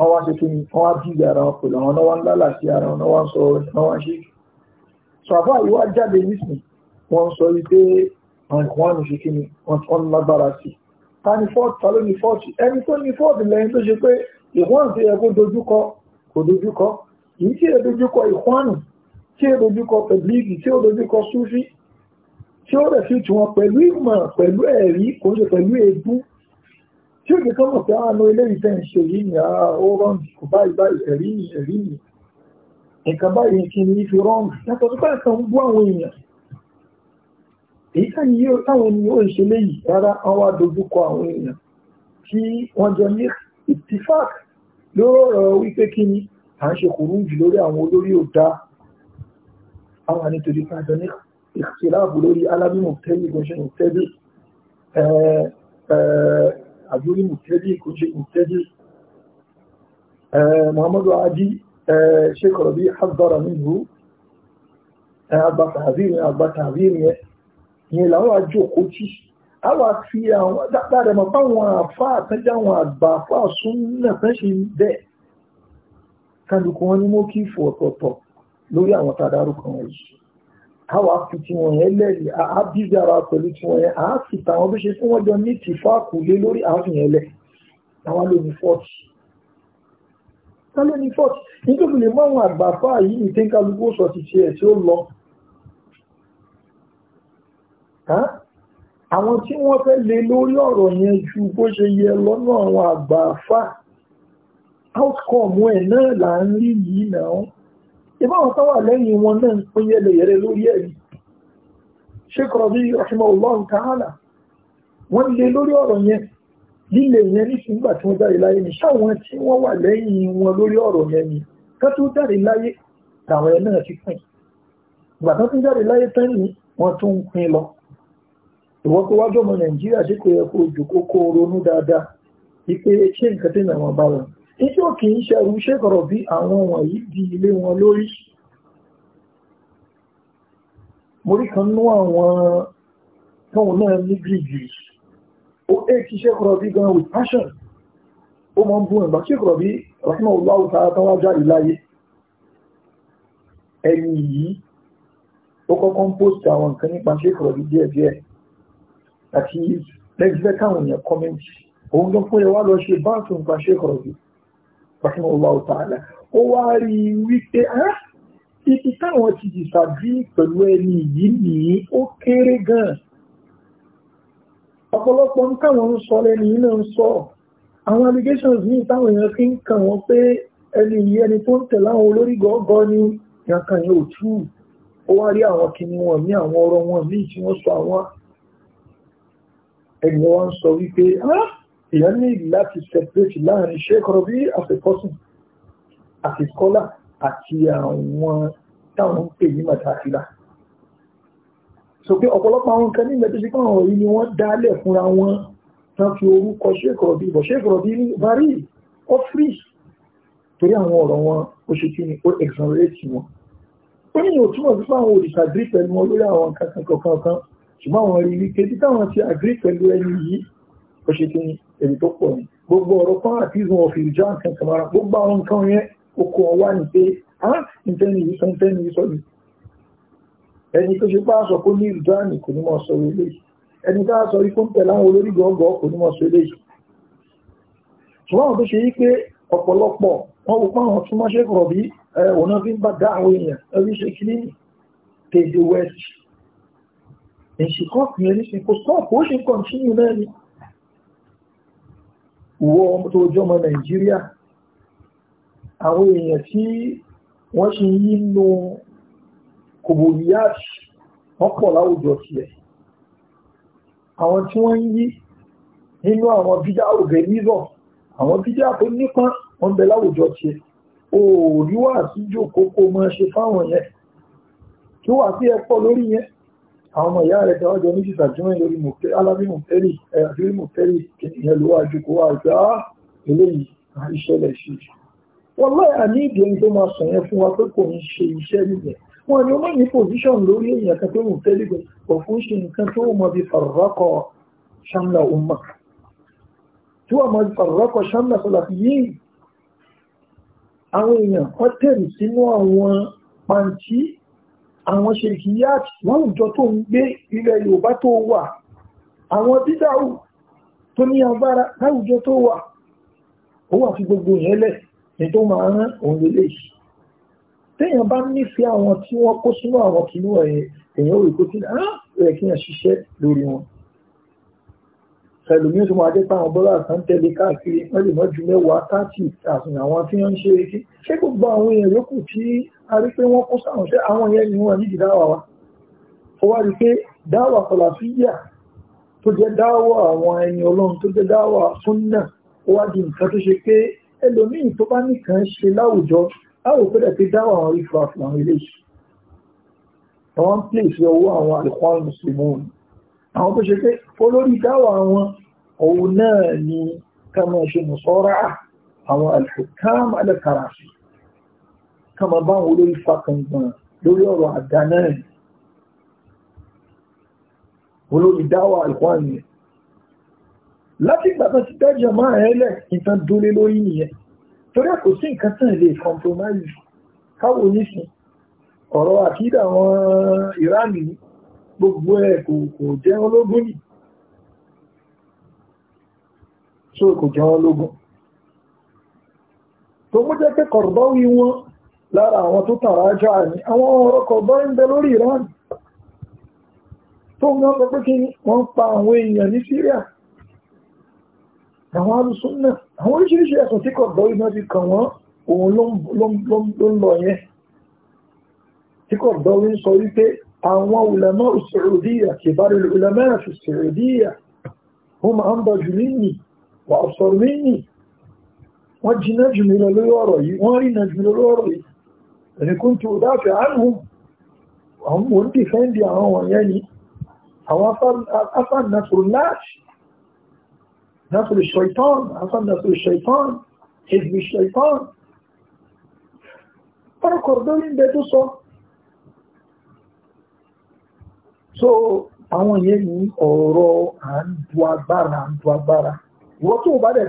àwọn aṣèkìní wọ́n á bí ara wọn pẹ̀lú àwọn náwà ńlá láti ara wọn náwà ń sọ náwà ṣe sọ àbá ìwà jáde nísìn wọ́n sọ wípé àwọn ìkùnwánù ṣe kí wọ́n lágbára sí i ta ni fọ́ọ̀tì ta ló ní fọ́ọ̀tì ẹni tó ní fọ́ọ̀tì lẹ́yìn tó ṣe pé ìwọ́n ti yẹ kó dojúkọ kò dojúkọ yìí tí yẹ dojúkọ ìkwánù tí yẹ dojúkọ pẹ̀líìgì tí ó dojúkọ súfì tí ó rẹ̀ fi tù wọn pẹ̀lú ìmọ̀ pẹ̀lú ẹ̀rí kò ṣe pẹ̀lú èébú tí ó kì mọ̀ pé àánú ah, eléyìí tẹ̀ ń ṣe yìí ni ah, ó rọ́ǹdì kò báyìí báyìí ẹ̀rí yìí ẹ̀rí ni èyí táwọn ni ó ń ṣe léyìí rárá wọn wá dojúkọ àwọn èèyàn tí wọ́n jọ ní ìtìfáàk lóró ọ̀rọ̀ wípé kí ni à ń ṣe kùrúùjù lórí àwọn olórí òdá àwọn nítorí pàjọ ní ìṣẹ́láàbù lórí alábímọ̀ tẹ́lẹ̀ ìgbọ̀nṣẹ́ ìtẹ́lẹ̀ àjúrí mùtẹ́lẹ̀ ìkọ̀ṣẹ́ ìtẹ́lẹ̀ muhammadu adi ṣe kọ̀rọ̀ bí agbára nínú agbátàbí yẹn làwọn àjòkó tí àwọn àfi àwọn dáadáa mọ̀ fáwọn àfa àtẹ́jà àwọn àgbà àfa súnmọ́ fẹ́ ṣe bẹ́ẹ̀ kálukú wọn ni mo kí fò ọ̀tọ̀ọ̀tọ̀ lórí àwọn tá a dárúkọ wọn yìí àwọn àfi tí wọn yẹn lẹ́rìí àábíbi ara pẹ̀lú tí wọn yẹn àáfi tàwọn bí ṣe tí wọ́n jọ ní tìfáàkù lé lórí àáfi yẹn lẹ̀ àwọn ló ní fọ́ọ̀tì ta ló ní fọ́ọ̀tì nítorí lè mọ àwọn àgbà àfa yìí ní tẹ́ńkálukú sọ ti tiẹ̀ tí ó lọ àwọn tí wọ́n fẹ́ lè lórí ọ̀rọ̀ yẹn ju bó ṣe yẹ lọ́nà àwọn àgbà àfà outcome ẹ̀ náà là ń rí yìí náà ìbáwọn tó wà lẹ́yìn wọn náà ń pín yẹlẹyẹlẹ lórí ẹ̀rí Sheikh Rabi rahimahullah ta'ala wọ́n lè lórí ọ̀rọ̀ yẹn líle yẹn nígbà tí wọ́n jáde láyé ni ṣáwọn tí wọ́n wà lẹ́yìn wọn lórí ọ̀rọ̀ yẹn ni ká tó jáde láyé làwọn ẹ̀ náà ti pín ìgbà tó tún jáde láyé tán ni wọ́n tún ń pín lọ ìwọ́n tó wájú ọmọ nàìjíríà tí kò yẹ kó jù kó kó ronú dáadáa ipe ṣé nǹkan tí nàwọn bá wọn níṣẹ́ òkè ń ṣẹrú ṣèkọ̀rọ̀ bí àwọn wọ̀nyí di ilé wọn lórí mo rí kan nú àwọn tóun náà ní gírígì ó é ti ṣèkọ̀rọ̀ bí gan with passion ó máa ń bú ìgbà ṣèkọ̀rọ̀ bí rahman olúwa ta tán wá jáde láyé ẹ̀yìn yìí ó kọ́kọ́ ń post àwọn nǹkan nípa ṣèkọ̀rọ̀ bí díẹ̀díẹ̀ àti lẹ́gbẹ́ káwọn èèyàn kọ́mẹ́ntì òun ló fún ẹ wá lọ ṣe báńkì nípa ṣe kọ̀rọ̀ bí pàṣẹ ọlá ọ̀tá àlà ó wá rí i wípé ibi táwọn ti dìsàbí pẹ̀lú ẹni yìí nìyí ó kéré gan-an ọ̀pọ̀lọpọ̀ ń káwọn ń sọ lẹ́ni yìí náà ń sọ àwọn allegations ní táwọn èèyàn fi ń kàn wọ́n pé ẹni yìí ẹni tó ń tẹ̀lé àwọn olórí gọ́gọ́ ní ìyànkan yẹn ò tú ó wá rí àwọn kìnnìún wọn ní àwọn ọ̀rọ̀ wọn míì tí wọ́n sọ àwọn ẹni wọ́n sọ wípé ah, èèyàn ní láti separate láàrin Sheikh Rabi as a person àti scholar àti àwọn táwọn ń pè ní màtàfílà so pé ọ̀pọ̀lọpọ̀ àwọn nǹkan nígbà tó ṣe kọ́ àwọn yìí ni wọ́n dálẹ̀ fúnra wọn tán fi orúkọ Sheikh Rabi bọ̀ Sheikh Rabi ní bari ó free torí àwọn ọ̀rọ̀ wọn ó ṣe kí ni ó exonerate wọn ó ní ìwòtúmọ̀ sí fún àwọn òrìṣà drí pẹ̀lú wọn lórí àwọn nǹkan kan kọ̀ọ̀kan ṣùgbọ́n àwọn rí wípé tí táwọn ti agree pẹ̀lú ẹni yìí ó ṣe kí ẹni tó pọ̀ ní gbogbo ọ̀rọ̀ kan àti ìzùn ọ̀fìn ìjà nǹkan kan mara gbogbo àwọn nǹkan yẹn okò ọ̀wá ni pé á ntẹ́ni yìí sọ ntẹ́ni yìí sọ ni ẹni tó ṣe bá aṣọ kó ní ìlú dáàni kò ní mọ̀ sọ eléyìí ẹni tá a sọ ikú ń tẹ̀lé àwọn olórí gọ́ọ̀gọ́ kò ní mọ̀ sọ eléyìí ṣùgbọ́n àwọn tó ṣe yí pé ọ̀pọ̀lọpọ̀ Enxicop, ele ficou só hoje em contínuo, né? Wọ tó jọ ọmọ Nàìjíríà, àwọn èèyàn tí wọ́n ṣe yí nu kòbòyíyáàṣì wọ́n pọ̀ láwùjọ tiẹ̀. Àwọn tí wọ́n ń yí nínú àwọn bídá ògẹ̀lízọ̀, àwọn bídá tó nípa wọ́n bẹ láwùjọ tiẹ̀. Òòrí àwọn ọmọ ìyá rẹ̀ tẹ́wọ́ jọ méjì tàjúmọ́ lórí alábímọ̀tẹ́rì àbímọ̀tẹ́rì kìnìyàn ló wájú kó wá ọjọ́ ah, eléyìí ìṣẹ̀lẹ̀ sí i wọ́n láì àní ìdí ẹni tó máa sọ yẹn fún wa pé kò ń ṣe iṣẹ́ nìyẹn wọn ni ó máa ní pòsíṣàn lórí èèyàn kan tó mú umma tí wọ́n mọ̀ bí fàrọ́kọ̀ ṣamla sọ̀làfi yìí àwọn èèyàn wọ́n tẹ̀rì sínú àwọn ṣèkìyàtì wọ́n ìjọ tó ń gbé ilẹ̀ Yorùbá tó wà àwọn dídáwù tó ní agbára láwùjọ tó wà ó wà fi gbogbo ìrẹ́lẹ̀ ní tó máa rán òun lélẹ̀ yìí téèyàn bá nífẹ̀ẹ́ àwọn tí wọ́n kó sínú àwọn kìlú ẹ̀yẹ èèyàn kó tí ó kí wọ́n ah, ṣiṣẹ́ lórí wọn ẹlòmí oṣù máa dé táwọn bọ́lá kan tẹ̀lé káàkiri wọ́n lè mọ́jú mẹ́wàá táàtì àfihàn àwọn tí wọ́n ń ṣe eré ṣé gbogbo àwọn èèyàn yòókù tí a rí pé wọ́n kó sáwọn ṣé àwọn yẹn ni wọ́n nídìí dáwà wa ó wá rí pé dáwà kọlàfíyà tó jẹ́ dáwà àwọn ẹni ọlọ́run tó jẹ́ dáwà súnnà ó wá di nǹkan tó ṣe pé ẹlòmíì tó bá nìkan ṣe láwùjọ láwùjọ pé dẹ̀ pé dáwà àwọn rí fún àfihàn eléyìí àwọn ń àwọn tó ṣe pé olórí dáwà wọn òun náà ni kama ṣe mùsọ́rá àwọn alhukam alẹ́karafi kama bá wọn olórí fakangbọn lórí ọ̀rọ̀ àdá náà olórí dáwà alkwani láti gbàtà ti dájà máa ẹlẹ́ ìtàn dúlé lórí nìyẹn torí kò sí nǹkan tán lè compromise káwò nísìn ọ̀rọ̀ àkídà àwọn ìránì yìí gbogbo ẹ̀ kò jẹ́ ológun ni so kò jẹ́ ológun tó mú jẹ́ pé Qaradawi wọn lára àwọn tó tàrà ajá ní àwọn ọ̀rọ̀ ń lórí Iran tó ń gbọ́ pé kí wọ́n pa àwọn èèyàn ní Syria àwọn alùsùn náà àwọn oríṣiríṣi ẹ̀sùn tí náà ti kàn wọ́n òun ló ń lọ yẹn tí ń sọ أنواع علماء السعودية كبار العلماء في السعودية هم أنضج مني وأبصر مني وجي نجم إلى الوري واري نجم إلى الوري يعني كنت أدافع عنهم هم ودي فندي هو يعني هو أصلا نصر الناس نصر الشيطان أصلا نصر الشيطان حزب الشيطان فأنا كردوين بيتو صوت so àwọn yẹn ní ọ̀rọ̀ à ń du agbára à ń du agbára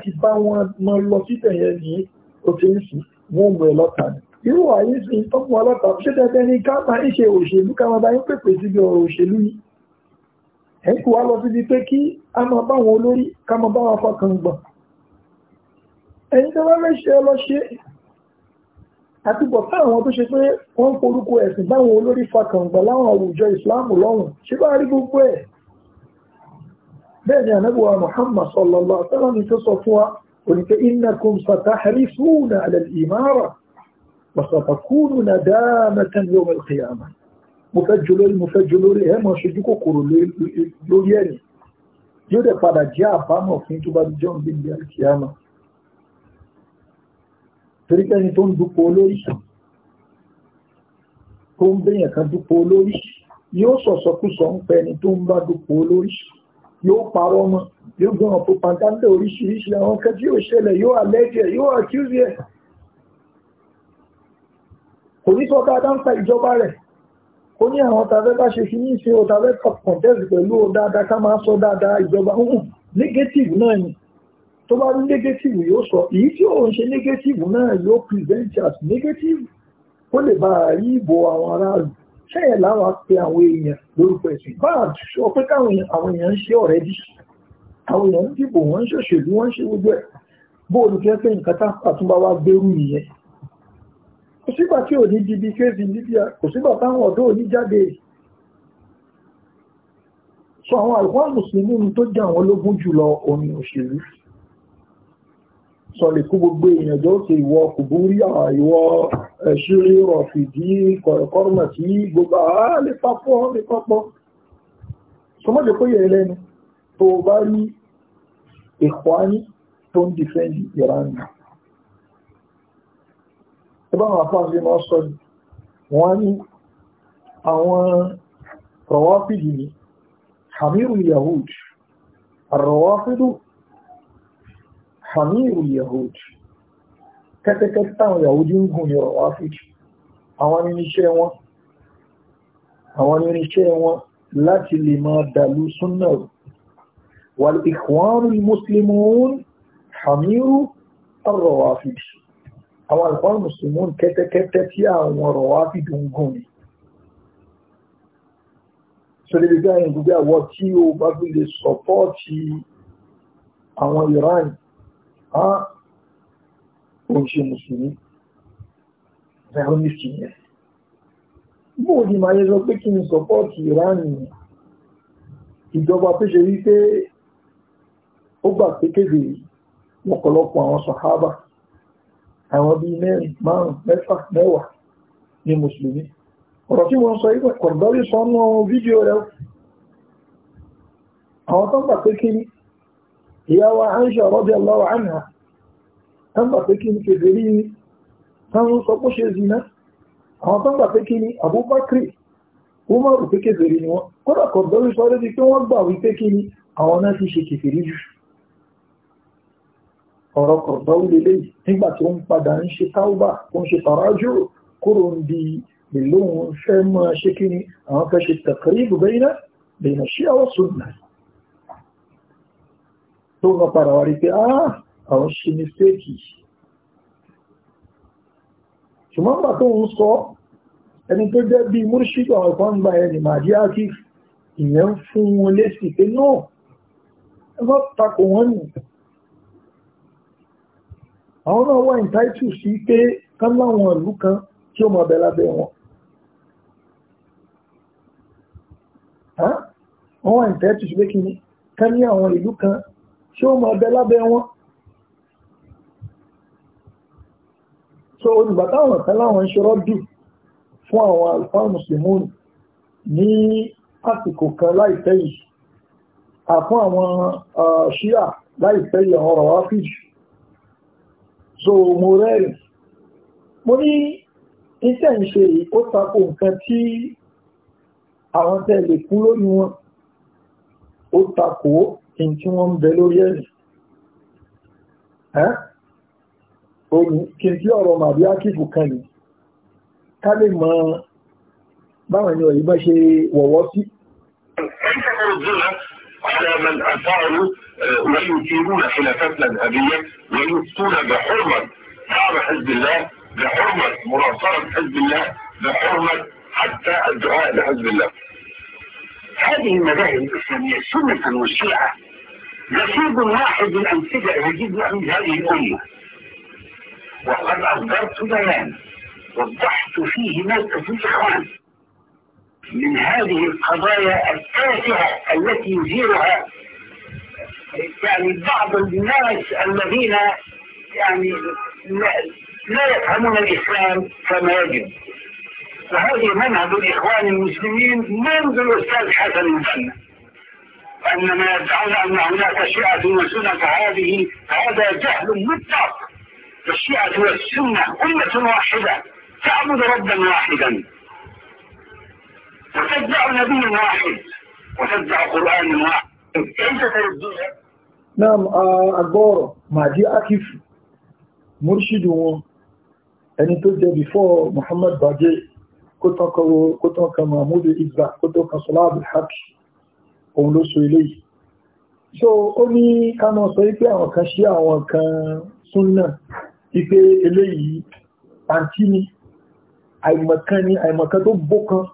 ti bá wọn lọ síbẹ̀ yẹn ní ẹ lọ́ta ni irú àyè sí tọ́mù ọlọ́ta ṣé tẹ́tẹ́ ní ká ń ṣe òṣèlú bá yín pèpè síbi ọ̀rọ̀ òṣèlú ni ẹ̀ ń kó wá lọ síbi pé kí a máa bá wọn olórí ká bá wọn fọkàn gbọ̀n ẹ̀yin tó bá fẹ́ ṣe àti bọ̀ fáwọn tó ṣe pé wọ́n ń forúkọ ẹ̀sìn báwọn olórí fakàngbà láwọn àwùjọ ìsìláàmù lọ́rùn ṣe bá rí gbogbo ẹ̀ bẹ́ẹ̀ ni ànábùwà Muhammad sallallahu alaihi wasallam tó sọ fún wa oníkẹ́ innakum satahrifuna ala al-imara wa satakununa damatan yawm al-qiyamah mo fẹ́ jù lórí mo fẹ́ jù lórí ẹ̀ mọ̀ ṣojú kòkòrò lórí ẹ̀rìn yóò dẹ̀ padà jẹ́ àbámọ̀ fún tó bá jọ́ ń bí ní al-qiyamah torí pé do polo ń dupò olórí tó ń bẹ̀yàn kan dupò olórí só sọ̀sọ̀kúsọ̀ ń pẹ́ ẹni tó ń bá dupò olórí yóò parọ́ eu yóò gbọ́n fún pàtàkì oríṣiríṣi àwọn kan tí yóò ṣẹlẹ̀ yóò àlẹ́jẹ̀ yóò àkíúzì ẹ̀ kò ní sọ dáadáa ń pa ìjọba rẹ̀ ó ní àwọn tàbẹ́ bá ṣe fi ní ìṣe ò tàbẹ́ kọ̀ọ̀kan tẹ́sì pẹ̀lú ó dáadáa ká máa sọ dáadáa ìjọba hùn negative náà ni tó bá ní negative yóò sọ èyí tí òun ṣe negative náà yóò present as negative kó lè bá a rí ìbò àwọn aráàlú ṣẹ́yẹ̀ láwa pe àwọn èèyàn lórúkọ ẹ̀sìn bá a sọ pé káwọn èèyàn ń ṣe already àwọn èèyàn ń dìbò wọ́n ń ṣòṣèlú wọ́n ń ṣe gbogbo ẹ̀ bóòlù kí wọ́n pé nǹkan tá àtúnbá wa gbérù nìyẹn kò sígbà tí ò ní di bí kéèsì Libya kò sígbà táwọn ọ̀dọ́ ò ní jáde sọ àwọn àlùkò àmùsùlùmí tó jẹ àwọn ológun jùlọ òní òṣèlú sọ lè kó gbogbo èèyàn jọ ṣe ìwọ kùbúrí ìwọ ṣírí rọ̀fìdí kọ̀rọ̀kọ́rọ̀mọ̀ sí gbogbo àálẹ́ pápọ̀ lè pápọ̀ sọmọ́jẹ̀ kó yẹ lẹ́nu tó bá rí ìkwáni tó ń dìfẹ́ndì ìran náà ẹbá àwọn afáàsí máa sọ ní wọ́n ní àwọn rọ̀wáfìdì ní hamiru yahud rọ̀wáfìdù hamirul yahud kẹ́tẹ́kẹ́tẹ́ táwọn yahudi ń gùn ní ọ̀rọ̀ áfíríkì àwọn irinṣẹ́ wọn àwọn irinṣẹ́ wọn láti lè máa dàlú súnà wal ikhwanul muslimun hamiru ar-rawafid àwọn alfáà muslimun kẹ́tẹ́kẹ́tẹ́ tí àwọn rawafid ń gùn ní sọ́dẹ̀bẹ̀gbẹ̀ àyẹ̀gbẹ̀ àwọ̀ tí ó bá fi lè sọ́pọ́ọ̀tì àwọn iran á òun ṣe mùsùlùmí zionist yẹn bóun ni màá yẹ sọ pé kí ni sọpọ́ọ̀tì Iran ìjọba tó ṣe rí pé ó gbà pé kéde lọ́pọ̀lọpọ̀ àwọn sàhábà àwọn bíi mẹ́rin márùn mẹ́fà mẹ́wàá ní mùsùlùmí ọ̀rọ̀ tí wọ́n sọ ìgbà kọ̀dọ́rí sọ́nà fídíò rẹ̀ àwọn tó ń gbà pé kí ni ìyá wa Aisha radiyallahu anha tán gbà pé kí ni kèbèrè ni tán ń sọ pé ṣe zina àwọn tán gbà pé kí ni Abubakar wọ́n máa rò pé kèbèrè ni wọ́n kódà kọ̀ bẹ́rù sọ lórí pé wọ́n gbà wípé kí ni àwọn náà ti ṣe kèbèrè jù ọ̀rọ̀ kọ̀ọ̀bá ó lélẹ̀ nígbà tí ó padà ń ṣe táwùbà ó ń ṣe tàrájò kúrò ń di ìlú fẹ́ máa ṣe kí ni àwọn fẹ́ ṣe taqrib bayna bayna tó ń padà wá rí pé ah, àwọn ṣe mistake ṣùgbọ́n gbà tó ń sọ ẹni tó jẹ́ bí múrṣídọ̀ ọ̀kan gba ẹni màdí akif ìyẹn ń fún não lésì pé náà ẹ bá a hora nù àwọn náà wà ìtàìtù sí pé ká láwọn ìlú kan tí ó máa bẹ lábẹ́ wọn wọ́n wà ìtàìtù sí pé kí ni ká ní àwọn ìlú kan ṣé ó máa bẹ lábẹ́ wọn so olùgbà táwọn kan láwọn ṣọ́rọ́ dù fún àwọn àlùfáà mùsùlùmí ní àsìkò kan láìpẹ́ yìí àfún àwọn ṣíà láìpẹ́ yìí àwọn ọ̀rọ̀ wá so mo rẹ́rìn mo ní iṣẹ́ ìṣe yìí ó tako nǹkan tí àwọn tẹ̀lé kú lórí wọn ó tako kí n tí wọ́n ń bẹ lórí ẹ̀rì omi kí n tí ọ̀rọ̀ màbí ákìfù kan ní ká lè mọ báwọn على من أثاروا ويثيرون خلافتنا الأبية ويفتون بحرمة شعب حزب الله بحرمة مراسلة حزب الله بحرمة حتى الدعاء لحزب الله هذه المذاهب الإسلامية سنة والشيعة نصيب واحد أن تدع يجد عند هذه الأمة وقد أصدرت بيان وضحت فيه في الإخوان من هذه القضايا التافهة التي يثيرها يعني بعض الناس الذين يعني لا يفهمون الإسلام كما يجب فهذا منهج الإخوان المسلمين منذ الأستاذ حسن البنا أن ما يدعون أن هناك شيعة وسنة هذه هذا جهل مطلق فالشيعة والسنة أمة واحدة تعبد ربا واحدا وتدع نبي واحد وتدع قرآن واحد كيف تردونها؟ نعم آه، الدور ما دي أكيف مرشد ẹni tó بفور محمد Muhammad kó tán kan mahmoud ibà kó tó kan sọlá abdulhaq òun ló sọ eléyìí so ó ní ká máa sọ wípé àwọn kan ṣí àwọn kan súnà wípé eléyìí àǹtí ni àìmọ̀kan ni àìmọ̀kan tó bókan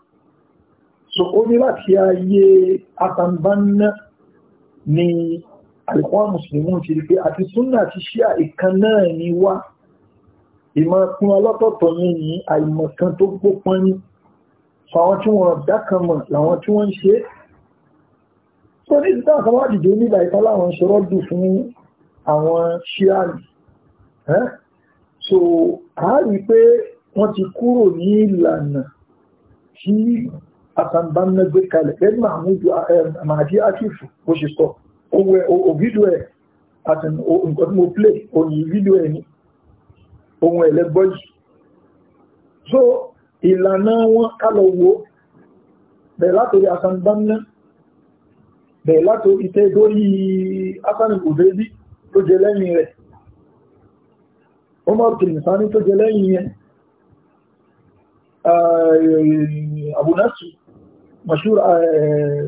so ó ní láti ayé atambánná ni àìkọ́wà mùsùlùmí ti rí pé àti súnà àti ṣíà ìkan náà ni wá ìmọ̀ pín ọlọ́tọ̀ọ̀tọ̀ yẹn ní àìmọ̀kan tó gbópọn ní àwọn tí wọ́n dákanmọ̀ làwọn tí wọ́n ń ṣe tó ní ìdíta àkọwà dìde nígbà ìta láwọn ṣọ́rọ́ dùn fún àwọn ṣíàrì so a rí pé wọ́n ti kúrò ní ìlànà tí àtàǹbáná gbé kalẹ̀ ẹni mahmudu eh, mahdi akifu bó ṣe sọ ògidù ẹ̀ àti nǹkan tí mo play òní fídíò ẹ̀ ni ohun ẹ̀lẹ́gbọ́ yìí so ìlànà wọn kálọ̀ wo bẹ̀rẹ̀ látòrí asanbanna bẹ̀rẹ̀ látòrí tẹ́ dórí asanibodèbí tó jẹ lẹ́yìn rẹ̀ Umar kìrìsání tó jẹ lẹ́yìn yẹn eh, abunasu mashura eh,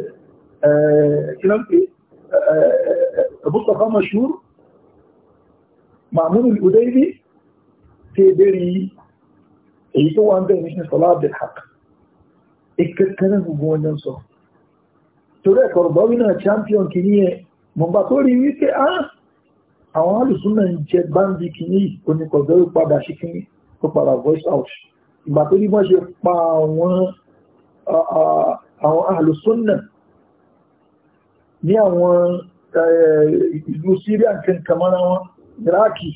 eh, kílánpé abúkọ̀kọ́ mashur ma'amun al-udaybi tẹ́bẹ̀rí èyí tó wà ń bẹ̀rẹ̀ ní sọ́lá abdulhaq ìkẹ́kẹ́rẹ́ gbogbo ọjọ́ sọ torí ẹ̀kọ́ rọ̀bọ́wí náà champion kìíní ẹ̀ mọ̀gbà tó rí wípé á ah, àwọn alùsúnmọ̀ ń jẹ gbáǹdì kìíní oníkọ̀ọ́dọ́ padà sí kìíní tó padà voice out ìgbà tó rí wọ́n ṣe pa àwọn alùsúnmọ̀ ní àwọn ìlú Syria nǹkan mọ́ra wọn Iraki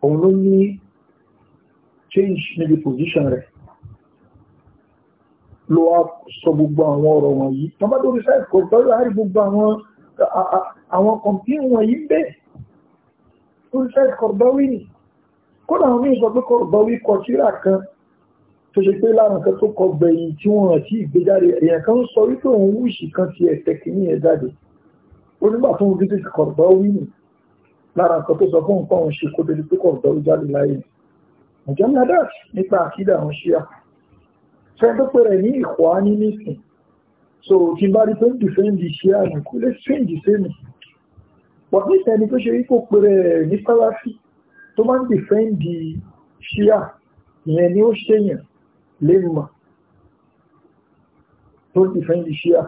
òun ló change níbi position rẹ̀ ló wá sọ gbogbo àwọn ọ̀rọ̀ wọ̀nyí tọ́bá tó rí sáì kò tọ́jú àárí gbogbo àwọn kọ̀mpín wọ̀nyí bẹ́ẹ̀ tó rí sáì kọ̀rọ̀báwí ni kódà àwọn míì sọ pé kọ̀rọ̀báwí kọ síra kan tó ṣe pé lára nǹkan tó kọ gbẹ̀yìn tí wọ́n àti ìgbéjáde èèyàn kan ń sọ wípé òun wíṣì kan ti ẹ̀tẹ̀ kìíní ẹ̀ jáde onígbà tó ń rí kọ̀rọ̀báwí nìyí lára nǹkan tó sọ fún nǹkan òun ṣe kó débi pé kò dọ́rú jáde láyé mọ̀jọ́mí adáàt nípa àkídà àwọn ṣíà fẹ́ tó pẹ̀rẹ̀ ní ìkọ́ á ní nísìn so kí n bá rí tó ń dìfẹ́ǹdì ṣíà ní kó lè fẹ́ǹdì sẹ́mi wọ́n ní sẹ́ni tó ṣe kó pẹ̀rẹ̀ ní sáláfì tó máa ń dìfẹ́ǹdì ṣíà ìyẹn ni ó ṣèyàn lẹ́nu mọ̀ tó ń dìfẹ́ǹdì ṣíà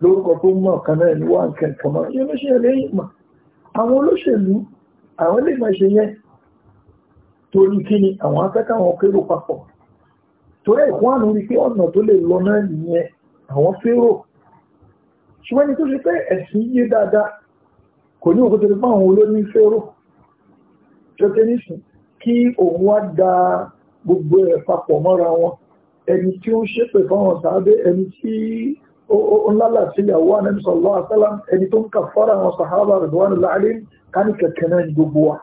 lórúkọ tó mọ̀ kan náà ní wà nǹkan kan àwọn olóṣèlú àwọn lè máa ṣe yẹn torí kí ni àwọn afẹ́ká àwọn kérò papọ̀ torí ẹ̀kọ́ àánú rí pé ọ̀nà tó lè lọ náà nìyẹn àwọn férò ṣùgbọ́n ní tó ṣe pé ẹ̀sìn yé dáadáa kò ní òkúta fún àwọn olóní férò ṣọ́tẹ́ nísìn kí òun wá da gbogbo ẹ̀ papọ̀ mọ́ra wọn ẹni tí ó ń ṣépè fáwọn sàábé ẹni tí ńlá sílẹ̀ àwọn ànábì sallallahu alaihi wasallam ẹni tó ń kà fọ́ra àwọn sàhábà ridwanullahi alaihim ká ní kẹ̀kẹ́ náà ní gbogbo wa.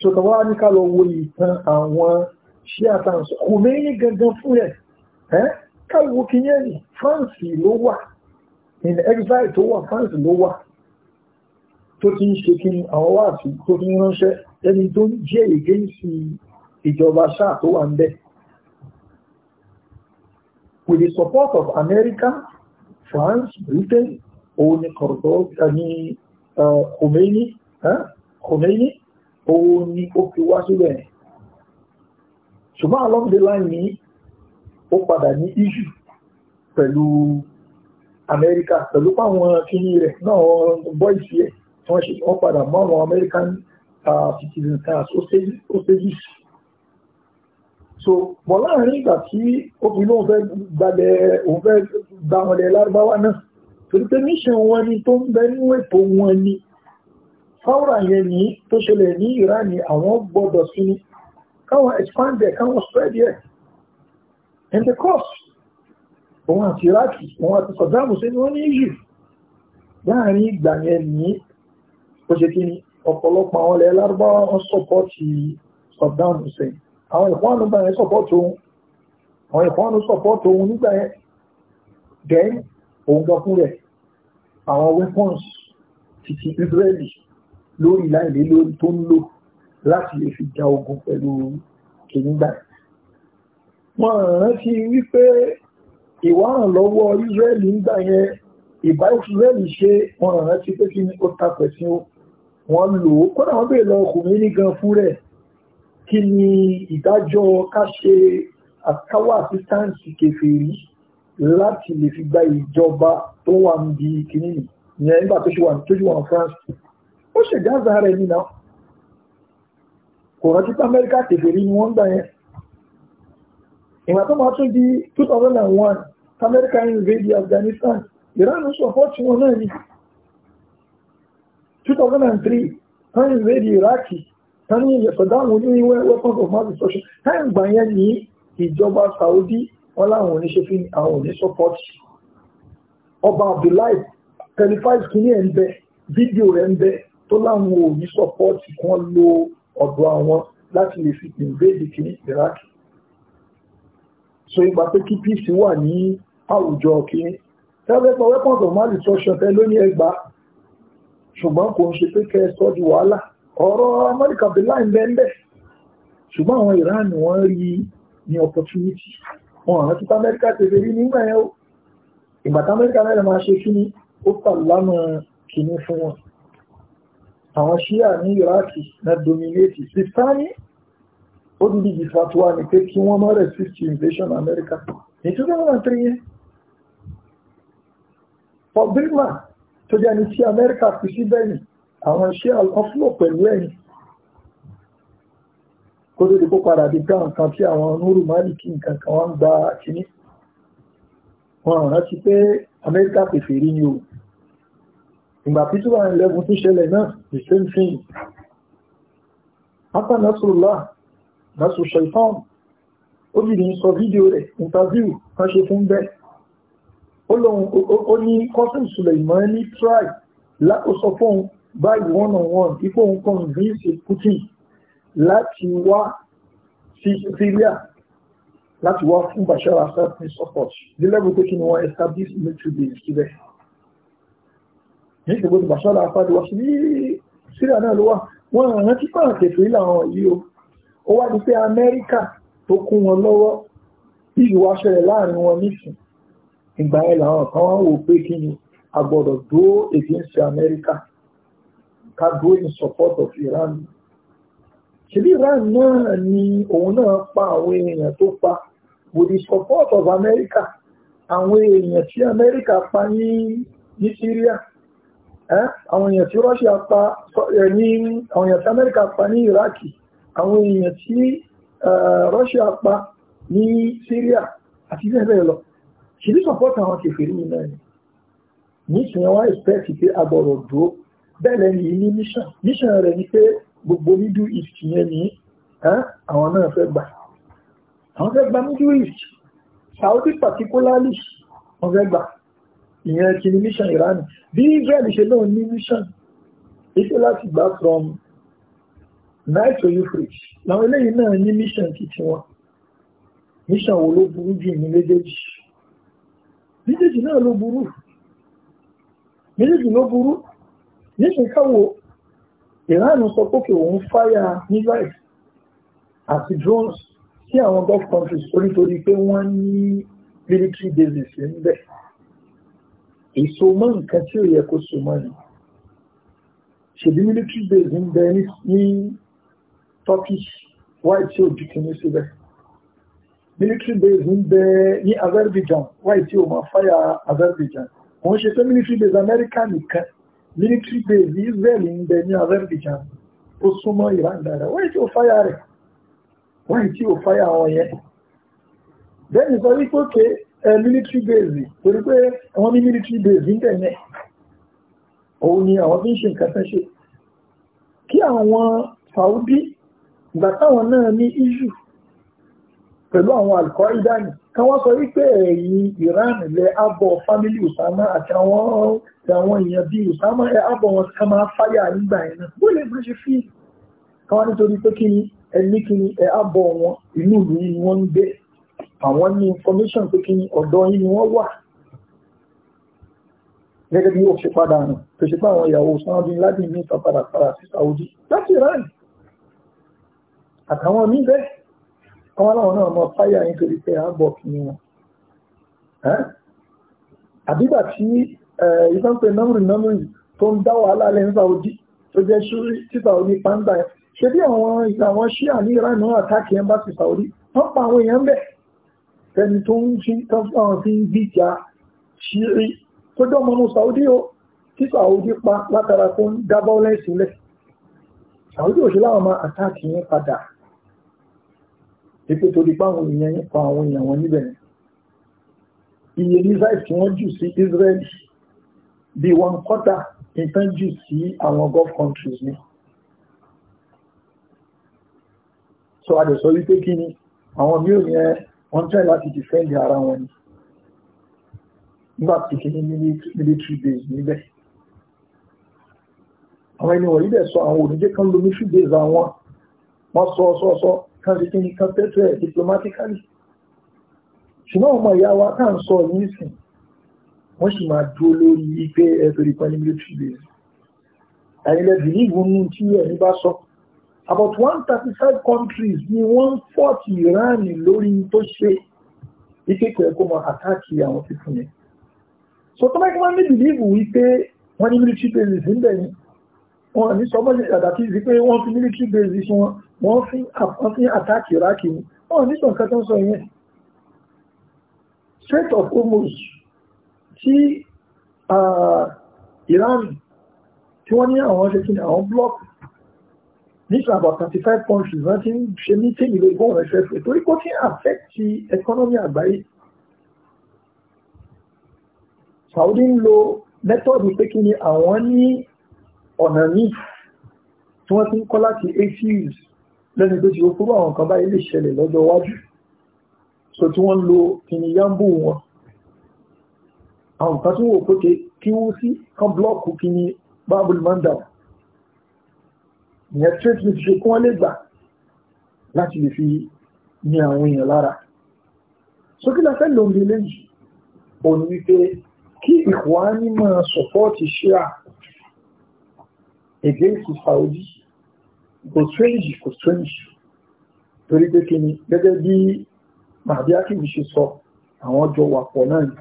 sọ̀tọ̀ wá ní ká lọ wo ìtàn àwọn ṣí àtàǹsọ̀ kò mẹ́yìn gangan fún ẹ̀ ẹ́ káwọ́ kìíyàn ní France in exile tó wà France ló wà tó ti ń ṣe kí àwọn wáàsí tó ti ń ránṣẹ́ ẹni tó ń jẹ́ ìgéǹsì ìjọba ṣáà tó wà ń bẹ́ẹ̀ with the support of America, France, Britain, òun ni Cordoba eh, ní eh, Khomeini, eh, Khomeini, òun ni ó fi wá sílẹ̀. Ṣùgbọ́n along the line ni ó padà ní issue pẹ̀lú Amẹ́ríkà pẹ̀lú páwọn kíní rẹ̀ náà bọ́ìsì ẹ̀ tí wọ́n padà mọ́ àwọn American citizens as hostages so bọ̀ láàrin ìgbà tí obìnrin lóun fẹ́ gbalẹ̀ òun fẹ́ gba wọn lẹ̀ lárúbáwá náà torí pé níṣẹ́ wọn ni tó ń bẹ nínú ètò wọn ni fáwọ́rà yẹn ní tó ṣẹlẹ̀ ní Iran ni àwọn gbọ́dọ̀ sí ni káwọn expand there káwọn spread there and the cost òun àti Iraki òun àti Saddam Hussein wọn ní issue láàrin ìgbà yẹn ní ó ṣe kí ni ọ̀pọ̀lọpọ̀ àwọn ilẹ̀ lárúbáwá wọn sọ̀pọ̀ ti Saddam Hussein àwọn ìfọ́nù bá yẹn sọ̀pọ̀tù òun àwọn ìfọ́nù sọ̀pọ̀tù òun nígbà yẹn then òun gan fún rẹ̀ àwọn weapons títí Israeli lórí láìlé lórí tó ń lò láti lè fi ja ogun pẹ̀lú kìnnìgbà wọn rántí wípé ìwárànlọ́wọ́ Israeli nígbà yẹn ìbá Israeli ṣe wọn rántí pé kí ni ó tapẹ̀ sí wọn lò ó kódà wọn bèèrè lọ ọkùnrin ní gan fún rẹ̀ kí ni ìdájọ́ ká ṣe àkáwà sítáǹsì kẹfìrí láti lè fi gba ìjọba tó wà ń di kìíní ìyẹn nígbà tó ṣe wà tó ṣe wà ní France ó ṣe gáàsà rẹ̀ nínà kò rántí pé Amẹ́ríkà kẹfìrí ni wọ́n gbà yẹn ìgbà tó máa tún di 2001 Amẹ́ríkà invade Afghanistan Iran support wọn náà ni 2003 wọ́n invade Iraq wọ́n ní ìyẹ̀sọ̀dáhùn ní weapons of mass destruction táyà gbà yẹn ní ìjọba Saudi wọn láwọn oníṣe fi àwọn òní support ọba Abdullahi tẹlifáìsì kìíní ẹ̀ ń bẹ fídíò rẹ̀ ń bẹ tó láwọn òní support kan lo ọ̀dọ̀ àwọn láti lè fi invade kìíní Iraq so ìgbà pé kí peace wà ní àwùjọ kìíní tẹ́lẹ̀ weapons of mass destruction tẹ́ ló ní ẹgbàá ṣùgbọ́n kò ń ṣe pé kẹ́ ẹ sọ́ di wàhálà ọ̀rọ̀ amẹ́ríkà bí láì bẹ́ẹ̀ ṣùgbọ́n àwọn iran wọ́n rí ní opportunity wọn àwọn títà amẹ́ríkà ti fi rí nígbà yẹn o ìgbà tí amẹ́ríkà náà máa ṣe kí ni ó kà lánà kìíní fún wọn àwọn ṣíà ní iraki na dominate sísáni ó dúdú di fatuwa ni pé kí wọ́n mọ́ resist invasion amẹ́ríkà ní 2003 yẹn for birma tó jẹ́ ní sí amẹ́ríkà fi sí bẹ́ẹ̀ àwọn iṣẹ́ ọ̀fúnlọ̀ pẹ̀lú ẹ̀yìn kó lórí kó padà di pé nǹkan tí àwọn onúrù máàlìkì nǹkan kan wọ́n ń gba kíní wọn rántí pé amẹ́ríkà pèsè rí ni o ìgbà tí tó wà ní lẹ́gùn tó ṣẹlẹ̀ náà the same thing after nasrullah nasru shaitan ó bìrì ń sọ fídíò rẹ̀ interview kan ṣe fún bẹ́ẹ̀ ó ní kọ́sùn Sulaimani try lákòóso fóun báyìí one on one ipò ń convince Putin láti wá sí Syria láti wá fún Bashar Assad ní support ní level pé kí ni wọ́n establish military base síbẹ̀ ní ìṣègùn Bashar Assad wá sí Syria náà ló wà wọ́n rántí pàǹkì fún ilé àwọn yìí o ó wá di pé Amẹ́ríkà tó kún wọn lọ́wọ́ ìlú wa ṣẹlẹ̀ láàrin wọn nísìn ìgbà yẹn làwọn kan wá wò pé kí ni a gbọ́dọ̀ dúró against Amẹ́ríkà ká in support of Iran ṣèlú Iran náà ni òun náà pa àwọn èèyàn tó pa with the support of America àwọn èèyàn tí America pa ní ní Syria àwọn èèyàn tí Russia pa ní àwọn èèyàn tí America pa ní Iraki àwọn èèyàn tí Russia pa ní Syria àti bẹ́ẹ̀ bẹ́ẹ̀ lọ ṣèlú support àwọn kẹfẹ́ rí náà ni nísìnyẹn wá expect pé a gbọ́dọ̀ dúró bẹ́ẹ̀lẹ̀ yìí ní mission mission rẹ̀ ni pé gbogbo middle east yẹn ni àwọn náà fẹ́ gbà àwọn fẹ́ gba middle east saudi particularly wọ́n fẹ́ gbà ìyẹn kí ni mission iran bí israel ṣe náà ní mission iṣẹ́ láti gbà from night to euphrates làwọn eléyìí náà ní mission ti tiwọn mission wo ló burú jù ní méjèèjì méjèèjì náà ló burú méjèèjì ló burú níṣẹ́ káwọ́ Iran sọ pókè òun fáyà missiles àti drones sí àwọn gulf countries orítorí pé wọ́n ní military bases níbẹ̀ èso mọ́ nǹkan tí ó yẹ kó so mọ́ ni ṣèbí military base ń bẹ ní Turkish wáyé tí ó ju síbẹ̀ military base ń bẹ ní Azerbaijan wáyé tí ó máa fáyà Azerbaijan wọ́n ṣe pé military base Amẹ́ríkà nìkan military base Israel ń bẹ ní Azerbaijan ó súnmọ́ Iran dáadáa wáyé tí ó fáyà rẹ̀ wáyé tí ó fáyà wọn yẹn bẹ́ẹ̀ni sọ wípé òkè ẹ military base torí pé àwọn ní military base ń bẹ yẹn òun ni àwọn fi ń ṣe nǹkan tán Saudi ìgbà táwọn náà ní issue pẹ̀lú àwọn àlùkọ́ ìdáni kan wọ́n sọ wípé ẹ̀yìn Iran lẹ abọ̀ fámílì Usama àti àwọn àwọn èèyàn bíi Usama ẹ abọ̀ wọn ká máa fáyà nígbà yẹn náà bó lè má ṣe fi kan wọ́n nítorí pé kí ni ẹni kí ni ẹ abọ̀ wọn inú ìlú ni wọ́n ń gbé àwọn ní information pé kí ni ọ̀dọ́ yín ni wọ́n wà gẹ́gẹ́ bí ó ṣe padà hàn tó ṣe pé àwọn ìyàwó sanadun ládìmí ìtàn padà padà sí Saudi láti Iran àtàwọn míì bẹ́ẹ̀ àwọn aláwọ̀ náà mọ fáyà yín torí pé àbọ̀ kìíní wọn. àbígbà tí ìfẹ́ǹpẹ̀ nọ́mùrì nọ́mùrì tó ń dá wàhálà lẹ́yìn Saudi tó jẹ́ ṣúrí tí Saudi pàǹdà ẹ̀ ṣe bí àwọn àwọn ṣíà ní Iran náà àtàkì ẹ́mbàsì Saudi wọ́n pa àwọn èèyàn bẹ̀ tẹni tó ń fi tán fún àwọn tí ń gbìjà ṣírí tó jẹ́ ọmọ Saudi o tí Saudi pa látara tó ń dá bọ́ọ̀lẹ́sì lẹ̀ Saudi òṣèlú àwọn máa àtàkì yẹn padà ipò torí páwọn èèyàn ń pa àwọn èèyàn wọn níbẹ̀ iye missiles tí wọ́n jù sí Israel bíi one quarter nǹkan jù sí àwọn Gulf countries ni. sọ àdẹ̀sọ wípé kí ni àwọn bí òun yẹn wọ́n tẹ̀ láti defend ara wọn ni nígbà tí kì ní military base níbẹ̀ àwọn ẹni wọ̀nyí dẹ̀ sọ àwọn oníjẹ́ kan lo military base àwọn wọ́n sọ sọ sọ. So, so, so kan ṣe kí ni kan diplomatically ṣùgbọ́n ọmọ ìyá wa tá à ń sọ yìí sìn wọ́n sì máa dúró lórí wípé ẹ torí pẹ́ ní military base àìlẹ̀ bìlíìgù ní tí ẹ̀mí bá sọ about one thirty five countries ni wọ́n fọ́ọ̀tì Iran lórí tó ṣe ìkékòó ẹ̀kọ́ máa àtàkì àwọn fífún yẹn so tó báyìí wọ́n ní bìlíìgù wípé wọ́n ní military bases níbẹ̀ ni wọ́n ní sọmọ́lẹ̀ àdàkì sí pé wọ́n fi military bases wọn wọ́n fi wọ́n fi àtàkì iraki ni wọ́n ní sọ̀kan tó ń sọ yẹn Strait of Hormuz tí Iran tí wọ́n ní àwọn ṣe kí àwọn block nípa about thirty five countries wọ́n ti ń ṣe meeting ìlú ìgbọ́n rẹ̀ ṣẹ́fẹ̀ torí kó ti ń affect ti economy àgbáyé Saudi ń lo method pé kí ni àwọn ní ọ̀nà míì tí wọ́n ti ń kọ́ láti 80s lẹ́ni tó ti gbogbo àwọn kan báyìí lè ṣẹlẹ̀ lọ́jọ́ iwájú so tí wọ́n lo kìnìyàmbò wọn àwọn kan tí wọ́n pòkè kí wọ́n sí kan blọ́ọ̀kù kìnì bábùlù mọ́ndà ìyẹn straight ní ti ṣe kí wọ́n lè gbà láti lè fi ní àwọn èèyàn lára so kí la fẹ́ òní wípé kí ìwà ní máa sọ̀pọ́ọ̀tì ṣíà against Saudi kò strange kò strange torí pé kí ni gẹ́gẹ́ bí màbí akíbi ṣe sọ àwọn jọ wà pọ̀ náà ni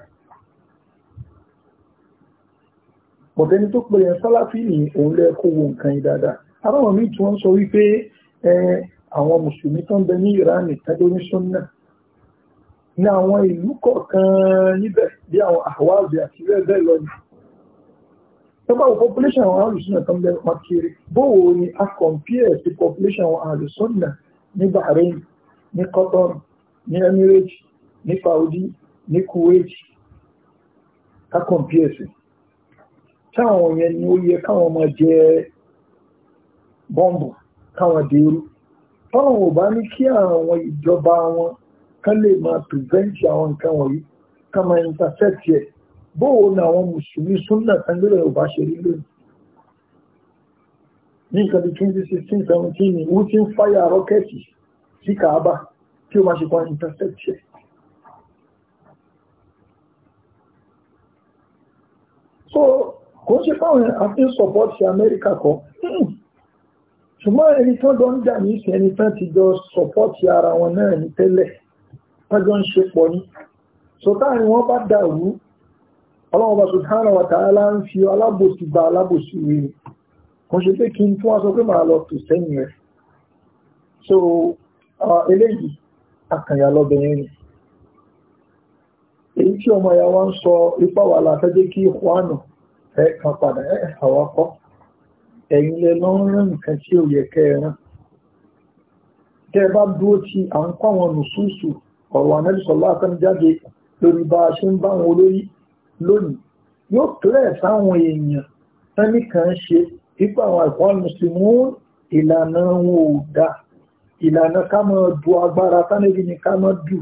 ọ̀tẹ́ni tó pè yẹn sálàfí ni òun lẹ́ kó wo nǹkan yìí dáadáa aráwọn míì tí wọ́n sọ wípé àwọn mùsùlùmí tó ń bẹ ní Iran ìtẹ́jọ́ ní sunna ní àwọn ìlú kọ̀ọ̀kan níbẹ̀ bí àwọn Ahwaz àti bẹ́ẹ̀ bẹ́ẹ̀ lọ tọ́pá wò population àwọn alùsùnà kan bẹ̀rẹ̀ wọn kiri bówo ni a compare sí population àwọn alùsùnà ní Bahrain ní Qatar ní Emirates ní Saudi ní Kuwait a compare sí táwọn yẹn ni ó yẹ káwọn máa jẹ bọ́ǹbù káwọn dèrú táwọn ò bá ní kí àwọn ìjọba wọn kán lè máa prevent àwọn nǹkan wọ̀nyí ká máa intercept yẹn bóò ni àwọn mùsùlùmí súnà tẹ́lẹ̀ ò bá ṣe rí lónìí ní nǹkan bí 2016 17 ni wọ́n ti ń fáyà rọ́kẹ́tì sí Kaaba tí ó máa ṣe kan intercept ẹ̀. so kò ń ṣe fáwọn àfi support sí Amẹ́ríkà kọ́ ṣùgbọ́n ẹni tán jọ ń jà ní ìsìn ẹni tán ti jọ support ara wọn náà ní tẹ́lẹ̀ wọ́n ń ṣe pọ̀ ní so táwọn wọn bá dàrú ọlọ́run ọba subhanahu wa ta'ala ń fi alábòsí gba alábòsí rí ni kan ṣe pé kí n tún wá sọ pé màá lọ tò sẹ́yìn rẹ̀ so eléyìí akànyà lọ́bẹ̀yẹn ni èyí tí ọmọ ìyá wa ń sọ ipá wà láti jẹ́ kí ìhùwánù ẹ̀ kan padà ẹ̀ àwọn akọ́ ẹ̀yin lẹ lọ ń rán nǹkan tí ò yẹ kẹ́ ẹ rán tẹ́ ẹ bá dúró tí à ń kọ́ àwọn nùsùsù ọ̀rọ̀ ànábìsọ̀ láàkàn jáde lórí bá a ṣe ń bá àwọn olórí lónìí yóò kílẹ̀ sáwọn èèyàn tẹ́nì kan ṣe pípa àwọn àìkọ́wà mùsùlùmí ìlànà wọn ò dá ìlànà ká mọ́ du agbára tánẹ́bí ni ká mọ́ dù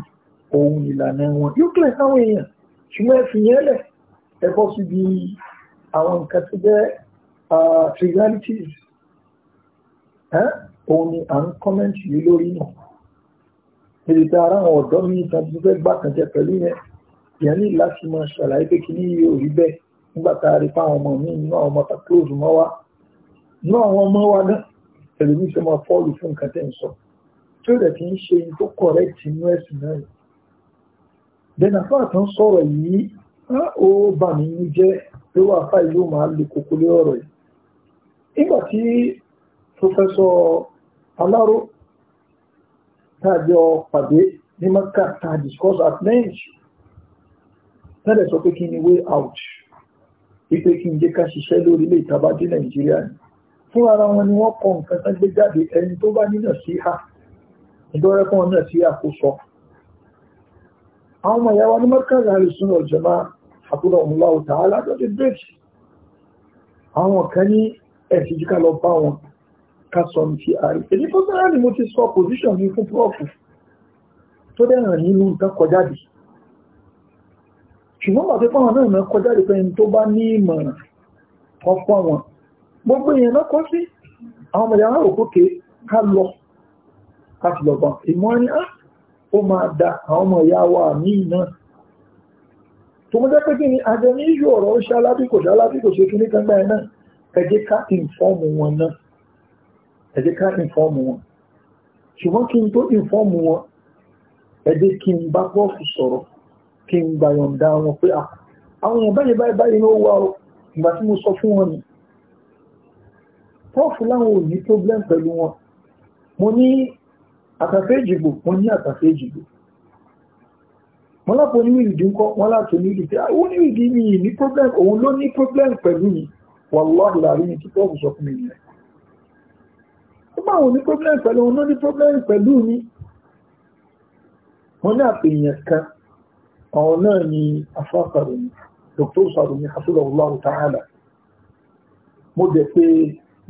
ohun ìlànà wọn yóò kílẹ̀ sáwọn èèyàn ṣùgbọ́n ẹ fi yẹn lẹ̀ ẹ bọ́ síbi àwọn nǹkan tó jẹ́ trivialities òun ni à ń kọ́mẹ́ǹtì yìí lórí náà èrè tí ara àwọn ọ̀dọ́ mi ìtàn tó fẹ́ gbà kàn jẹ pẹ̀lú yẹn èèyàn ní láti máa ṣàlàyé pé kí ní iye òrí bẹ́ẹ̀ nígbà tá a rí pa àwọn ọmọ mi nínú àwọn ọmọ close mọ́ wa nínú àwọn ọmọ wa gan ẹlòmí ṣe máa fọ́ọ̀lù fún nǹkan tẹ́ ń sọ tí ó dẹ̀ kì í ṣe ní tó correct inú ẹ̀sìn náà yìí bẹ́ẹ̀ni àfáà tó ń sọ̀rọ̀ yìí ó bà mí ní jẹ́ pé wà fà yìí máa le koko lé ọ̀rọ̀ yìí nígbà tí pòfẹ́sọ̀ aláró tàjọ pàdé ní maka ta discuss at length tẹ́lẹ̀ sọ pé kí ni way out wípé kí n jẹ́ ká ṣiṣẹ́ lórí ilé ìtaba dé nàìjíríà ni fún ara wọn ni wọ́n kọ nǹkan tán gbé jáde ẹni tó bá nínà sí ha ìdọ́rẹ́ fún ọ̀nà sí àkóso àwọn ọmọ ìyá wa ní mọ́kànlá àlùsùn ọ̀jọ̀ máa àbúrò ọ̀húnlá ọ̀tá aládọ́dẹ bẹ́ẹ̀sì àwọn kan ní ẹ̀sìn jíkà lọ bá wọn ká sọ ní ti ààrẹ èyí tó sára ni mo ti sọ position mi fún prọ́ọ̀fù tó dẹ̀ràn nínú nǹkan kọjáde ṣùgbọ́n bàbá fáwọn náà mẹ́ kọjá lè fẹ́yìn tó bá ní ìmọ̀ràn ọ̀pọ̀ wọn gbogbo èèyàn náà kọ́ sí àwọn ọmọdé àwọn òkúkè ká lọ láti lọ́gbọ̀n ìmọ̀ ni á ah, ó máa da àwọn ọmọ ìyá wa míì náà tó mọ́ jẹ́ pé kí ni àjọ ní yóò ọ̀rọ̀ ṣe alábìkò ṣe alábìkò ṣe kíní kan gbáyẹn náà ẹ ká ìfọ́ọ̀mù wọn náà ẹ ká ìfọ́ọ̀mù wọn ṣùgbọ́n kí n tó ìfọ́ọ̀mù wọn ẹ kí n bá bọ́ọ̀fù sọ̀rọ̀ kí n gbà yọ̀ǹda wọn pé à ah, àwọn èèyàn báyìí báyìí báyìí ló wà ó ìgbà tí mo sọ fún wọn ni pọ́ọ̀fù láwọn ò ní problem pẹ̀lú wọn mo ní àtàfẹ́ ìjìgbò mo ní àtàfẹ́ ìjìgbò wọn lápò oníwìrì dín kọ́ wọn láti oníwìrì dín ah, àwọn oníwìrì dín mi ní problem òun ló ní problem pẹ̀lú mi wàláhì láàrin tí pọ́ọ̀fù sọ fún mi nìyẹn ó máa wò ní problem pẹ̀lú òun ló ní problem pẹ̀lú mi wọn ní àpèyàn kan àwọn náà ni afáfàrùmí dr sarumi hafizahullahu ta'ala mo dẹ̀ pé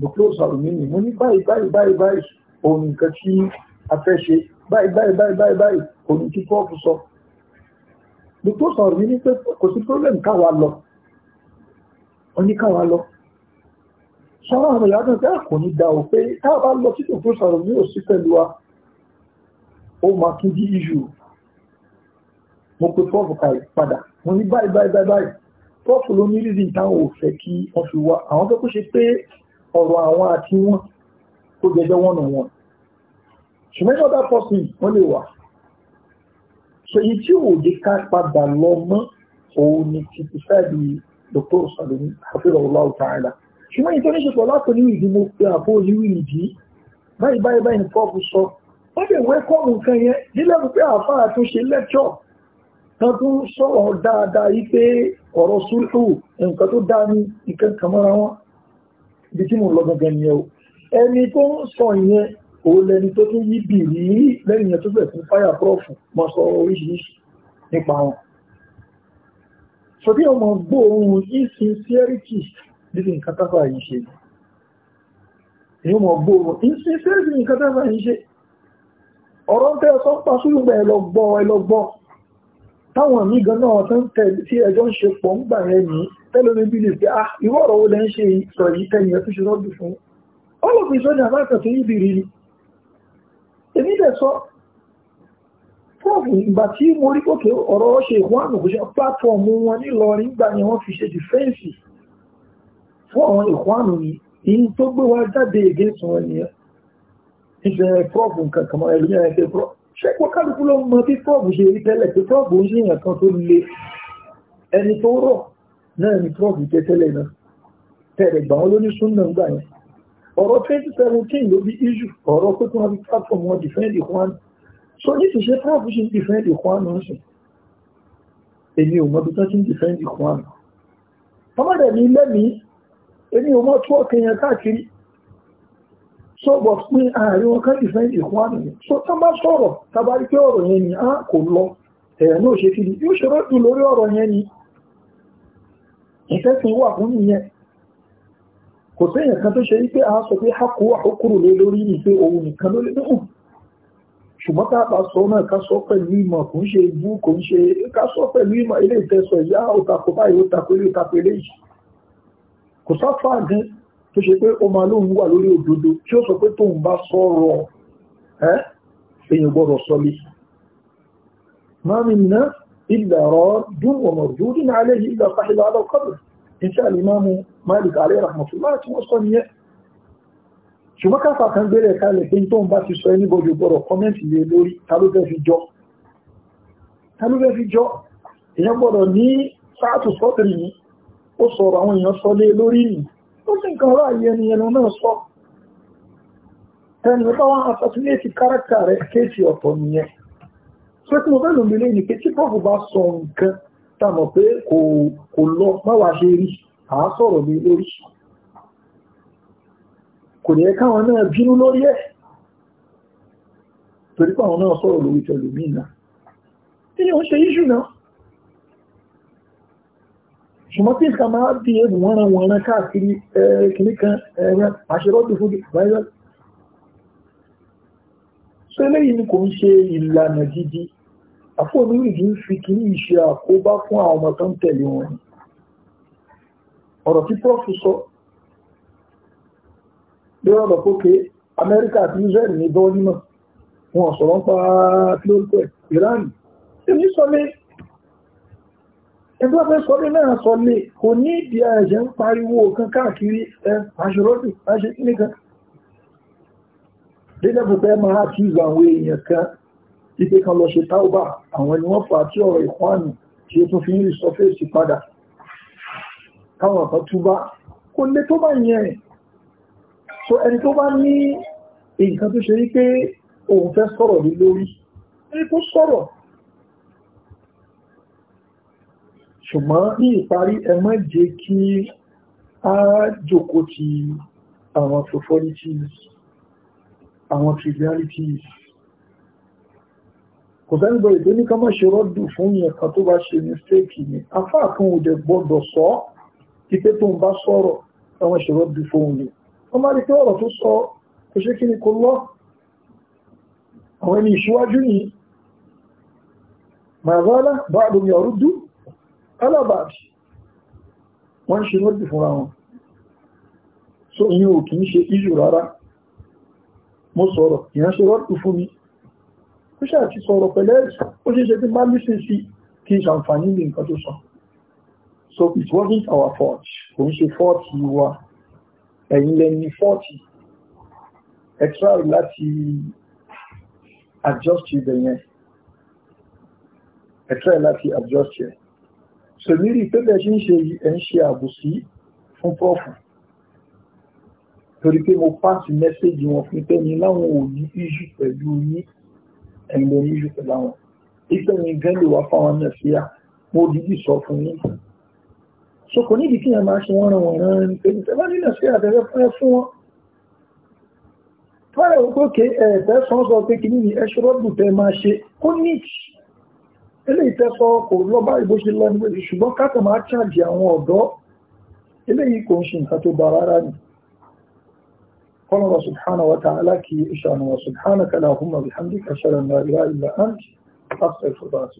dr sarumi ni mo ní báyìí báyìí báyìí báyìí òun nǹkan tí a fẹ́ ṣe báyìí báyìí báyìí báyìí báyìí òun kí kọ́ọ̀fù sọ dr sarumi ní pé kò sí problem káwa lọ wọ́n ní káwa lọ sọ́rọ̀ àwọn ìyá náà dáàkò ní da ò pé káà lọ sí dr sarumi ò sí pẹ̀lú wa ó máa tún mo pe prof padà mo ní báyìí báyìí báyìí báyìí prof ló ní rírí táwọn ò fẹ́ kí wọ́n fi wá àwọn fẹ́ kó ṣe pé ọ̀rọ̀ àwọn àti wọn tó jẹjọ́ wọn nà wọn ṣùgbọ́n ọ̀dà pọ̀sìn wọ́n lè wà so èyí tí ò jẹ́ ká padà lọ mọ́ òun ni títí sáàbì dr salome àfihàn ọláwù tààlà ṣùgbọ́n èyí tó ní ṣe pọ̀ látò ní ìdí mo pe àbó onírú ìdí báyìí báyìí báyìí ní prof sọ wọ́n lè wẹ́kọ̀ọ̀mù nǹkan yẹn nílẹ̀ pé àfáà tó ṣe lẹ́kọ̀ọ́ kan tó ń sọ̀rọ̀ dáadáa yí pé ọ̀rọ̀ súlù nǹkan tó dá ní ìkan kàmọ́ra wọn bí tí mo lọ gangan ni o ẹni tó ń sọ ìyẹn òun lẹni tó tún yí bì rí lẹ́yìn yẹn tó bẹ̀ fún fáyà prọ́fù mọ sọ oríṣiríṣi nípa wọn so bí ọmọ gbóòórùn insincerity níbi nǹkan tábà yìí ṣe ni ọmọ gbóòórùn insincerity nǹkan tábà yìí ṣe ọ̀rọ̀ tẹ́ sọ́pàá súlùgbà táwọn mí gan náà tó ń tẹ̀lé tí ẹjọ́ ń ṣe pọ̀ ń gbà rẹ̀ ní tẹ́lómi bí lè pé ah ìwọ́ ọ̀rọ̀ wo lẹ́ ń ṣe sọ yìí tẹ́ni ẹ̀ tó ṣe rọ́bì fún all of a sudden abákan tó yíbi rí ni èmi dẹ̀ sọ fọ́ọ̀fù ìgbà tí mo rí òkè ọ̀rọ̀ ṣe ìwọ́n àmọ̀kùnṣe platform wọn nílọrin gbà ni wọ́n fi ṣe dìfẹ́ǹsì fún àwọn ìkwánu yìí ìyí tó gbé wá jáde ìgé sọ ẹnìyẹn ìṣẹ̀lẹ̀ fọ́ọ̀fù nǹkan kan mọ́ ẹlòmíràn ṣẹ́pọ̀ kálukú ló mọ bí tọ́ọ̀bù ṣe rí tẹ́lẹ̀ pé tọ́ọ̀bù ń ṣe èèyàn kan tó le ẹni tó rọ̀ náà ni tọ́ọ̀bù jẹ́ tẹ́lẹ̀ náà tẹ̀rẹ̀ gbà wọn lóní súnmọ̀ ń gbà yẹn ọ̀rọ̀ 2017 ló bí issue ọ̀rọ̀ pé kí wọ́n fi platform wọn defend ìkwánu so ní ti ṣe tọ́ọ̀bù ṣe defend ìkwánu ń sìn èmi ò mọ bí tọ́ọ̀bù ṣe defend ìkwánu ọmọdé mi lẹ́mìí èmi ò mọ tọ́ọ̀kì yẹn káàkiri so but pé ààrin wọn kẹ́kì fẹ́ so tá bá sọ̀rọ̀ tàbá pé ọ̀rọ̀ yẹn ni a kò lọ ẹ̀yà náà ṣe kiri yóò ni ìfẹ́sìn wà fún ìyẹn kò sẹ́yìn kan tó ṣe wípé a sọ pé hákò wà lé lórí ní pé òun nìkan ló ṣùgbọ́n tá a bá sọ náà ká sọ pẹ̀lú ìmọ̀ kò ń ṣe ibú kò ń ṣe sọ pẹ̀lú ìmọ̀ ilé ìyá báyìí tó ṣe pé ó máa lóhun wà lórí òdodo tí ó sọ pé tóun bá sọ̀rọ̀ ẹ́ èèyàn gbọ́dọ̀ sọlé máa mi ná ilẹ̀ ọ̀rọ̀ dún ọmọ òjòdì náà lè yí ilẹ̀ fàṣẹlẹ̀ alọ́kọ̀bẹ̀ alẹ́ rahmatullah tí wọ́n sọ nìyẹn ṣùgbọ́n káfà kan gbélé ó sọ̀rọ̀ àwọn èèyàn sọ lé lórí nìyí ó sì nǹkan ọ̀rọ̀ àyè ẹni ẹnu náà sọ ẹni tó wá àtàtúnyẹ̀sì káràkítà rẹ̀ kéèsì ọ̀tọ̀ nìyẹn ṣé tí mo fẹ́ lòmí lé ní pé tí pọ́ọ̀fù bá sọ nǹkan tá a mọ̀ pé kò lọ báwa ṣe rí à á sọ̀rọ̀ mi lórí kò ní ẹ káwọn náà bínú lórí ẹ̀ torí pé àwọn náà sọ̀rọ̀ lórí tẹlòmíì náà kí ni ó ṣe yíṣù náà ṣùgbọ́n tí ìsìnkà máa bí ẹ̀rù wọ́nran wọ́nran káàkiri kìíní kan ẹ̀rẹ́ àṣírọ́dù fún ìgbàlẹ́ so eléyìí ni kò ń ṣe ìlànà gidi àfọ̀nìyàn kì í fi kìíní ìṣe àkóbá fún àwọn ọmọ tó ń tẹ̀lé wọn ọ̀rọ̀ tí prọ́fù sọ lórí ọ̀rọ̀ pókè amẹ́ríkà àti Israel ní bọ́ọ̀lì náà wọn sọ̀rọ̀ ń pa kílórúkọ Iran èmi sọ ẹgbẹ́ fẹ́ sọlé náà sọlé kò ní ìdí ẹ̀ṣẹ̀ ń pariwo kan káàkiri ẹ aṣọ́rọ́dù aṣe nìkan dédé púpẹ́ máa àtúzọ àwọn èèyàn kan ipé kan lọ ṣe táúbà àwọn ni wọ́n fà tí ọ̀rọ̀ ìkwánù tí ó tún fi ń rí sọfẹ́sì padà káwọn kan túbá kò lè tó bá yẹn so ẹni tó bá ní nǹkan tó ṣe wípé òun fẹ́ sọ̀rọ̀ lórí ẹni tó sọ̀rọ̀ ṣùgbọ́n ní ìparí ẹ má jẹ́ kí a jòkó ti àwọn frivolities àwọn trivialities kò sẹ́nìbọ̀ ètò ní ká má ṣe rọ́dù fún yẹn kan tó bá ṣe mistake ni afá kan ò dẹ̀ gbọ́dọ̀ sọ pípé tó ń bá sọ̀rọ̀ ká má ṣe rọ́dù fún ni wọ́n má rí pé ọ̀rọ̀ tó sọ kò ṣe kí ni kò lọ àwọn ẹni ìṣíwájú ni màá rọ́lá bá àdùnmí ọ̀rú dùn alábàáṣì wọ́n ṣe lọ́dì fúnra wọn so yíò kì í ṣe ìjù rárá mo sọ̀rọ̀ ìyàn ṣe rọ́dì fún mi ó ṣe àti sọ̀rọ̀ pẹ̀lẹ́ ó ṣe ṣe tí má lè sí kí n ṣàǹfààní ní nǹkan tó sọ so it wasn't our fault kò ń ṣe fọ́ọ̀tì wa ẹ̀yìn lẹ́ni fọ́ọ̀tì ẹ try láti adjust ibẹ̀ yẹn ẹ láti adjust yẹn Celui sèmírì tó bẹ̀ ṣe ń ṣe ẹ̀ ń ṣe àbòsí fún pọ́ọ̀fù torí pé mo pàṣẹ mẹ́sẹ́jì wọn fún tẹ́ni láwọn ò ní iṣu pẹ̀lú yín ẹ̀yìn lórí iṣu pẹ̀lú àwọn ìtẹ̀yìn gan lè wá fáwọn náà sí à mo dìbì sọ fún yín so kò nídìí kí ẹ máa ṣe wọ́n ràn wọ́n rán ní a ìṣẹ́ bá nílẹ̀ sí a fún ẹ fún wọn fọ́nrẹ̀ òkè ẹ̀ẹ́dẹ́sán sọ pé kí ní ẹṣọ́rọ́dù tẹ máa ṣe kó nídìí ilé ìtẹ́sọ kò lọ́bá ìbò ṣe lọ́nà ṣùgbọ́n káàkiri máa ṣáàjì àwọn ọ̀dọ́ ilé yìí kò ń ṣe nǹkan tó bá rárá ni kọlọ̀wà subhanahu wa ta'ala kí ìṣànà wa subhanaka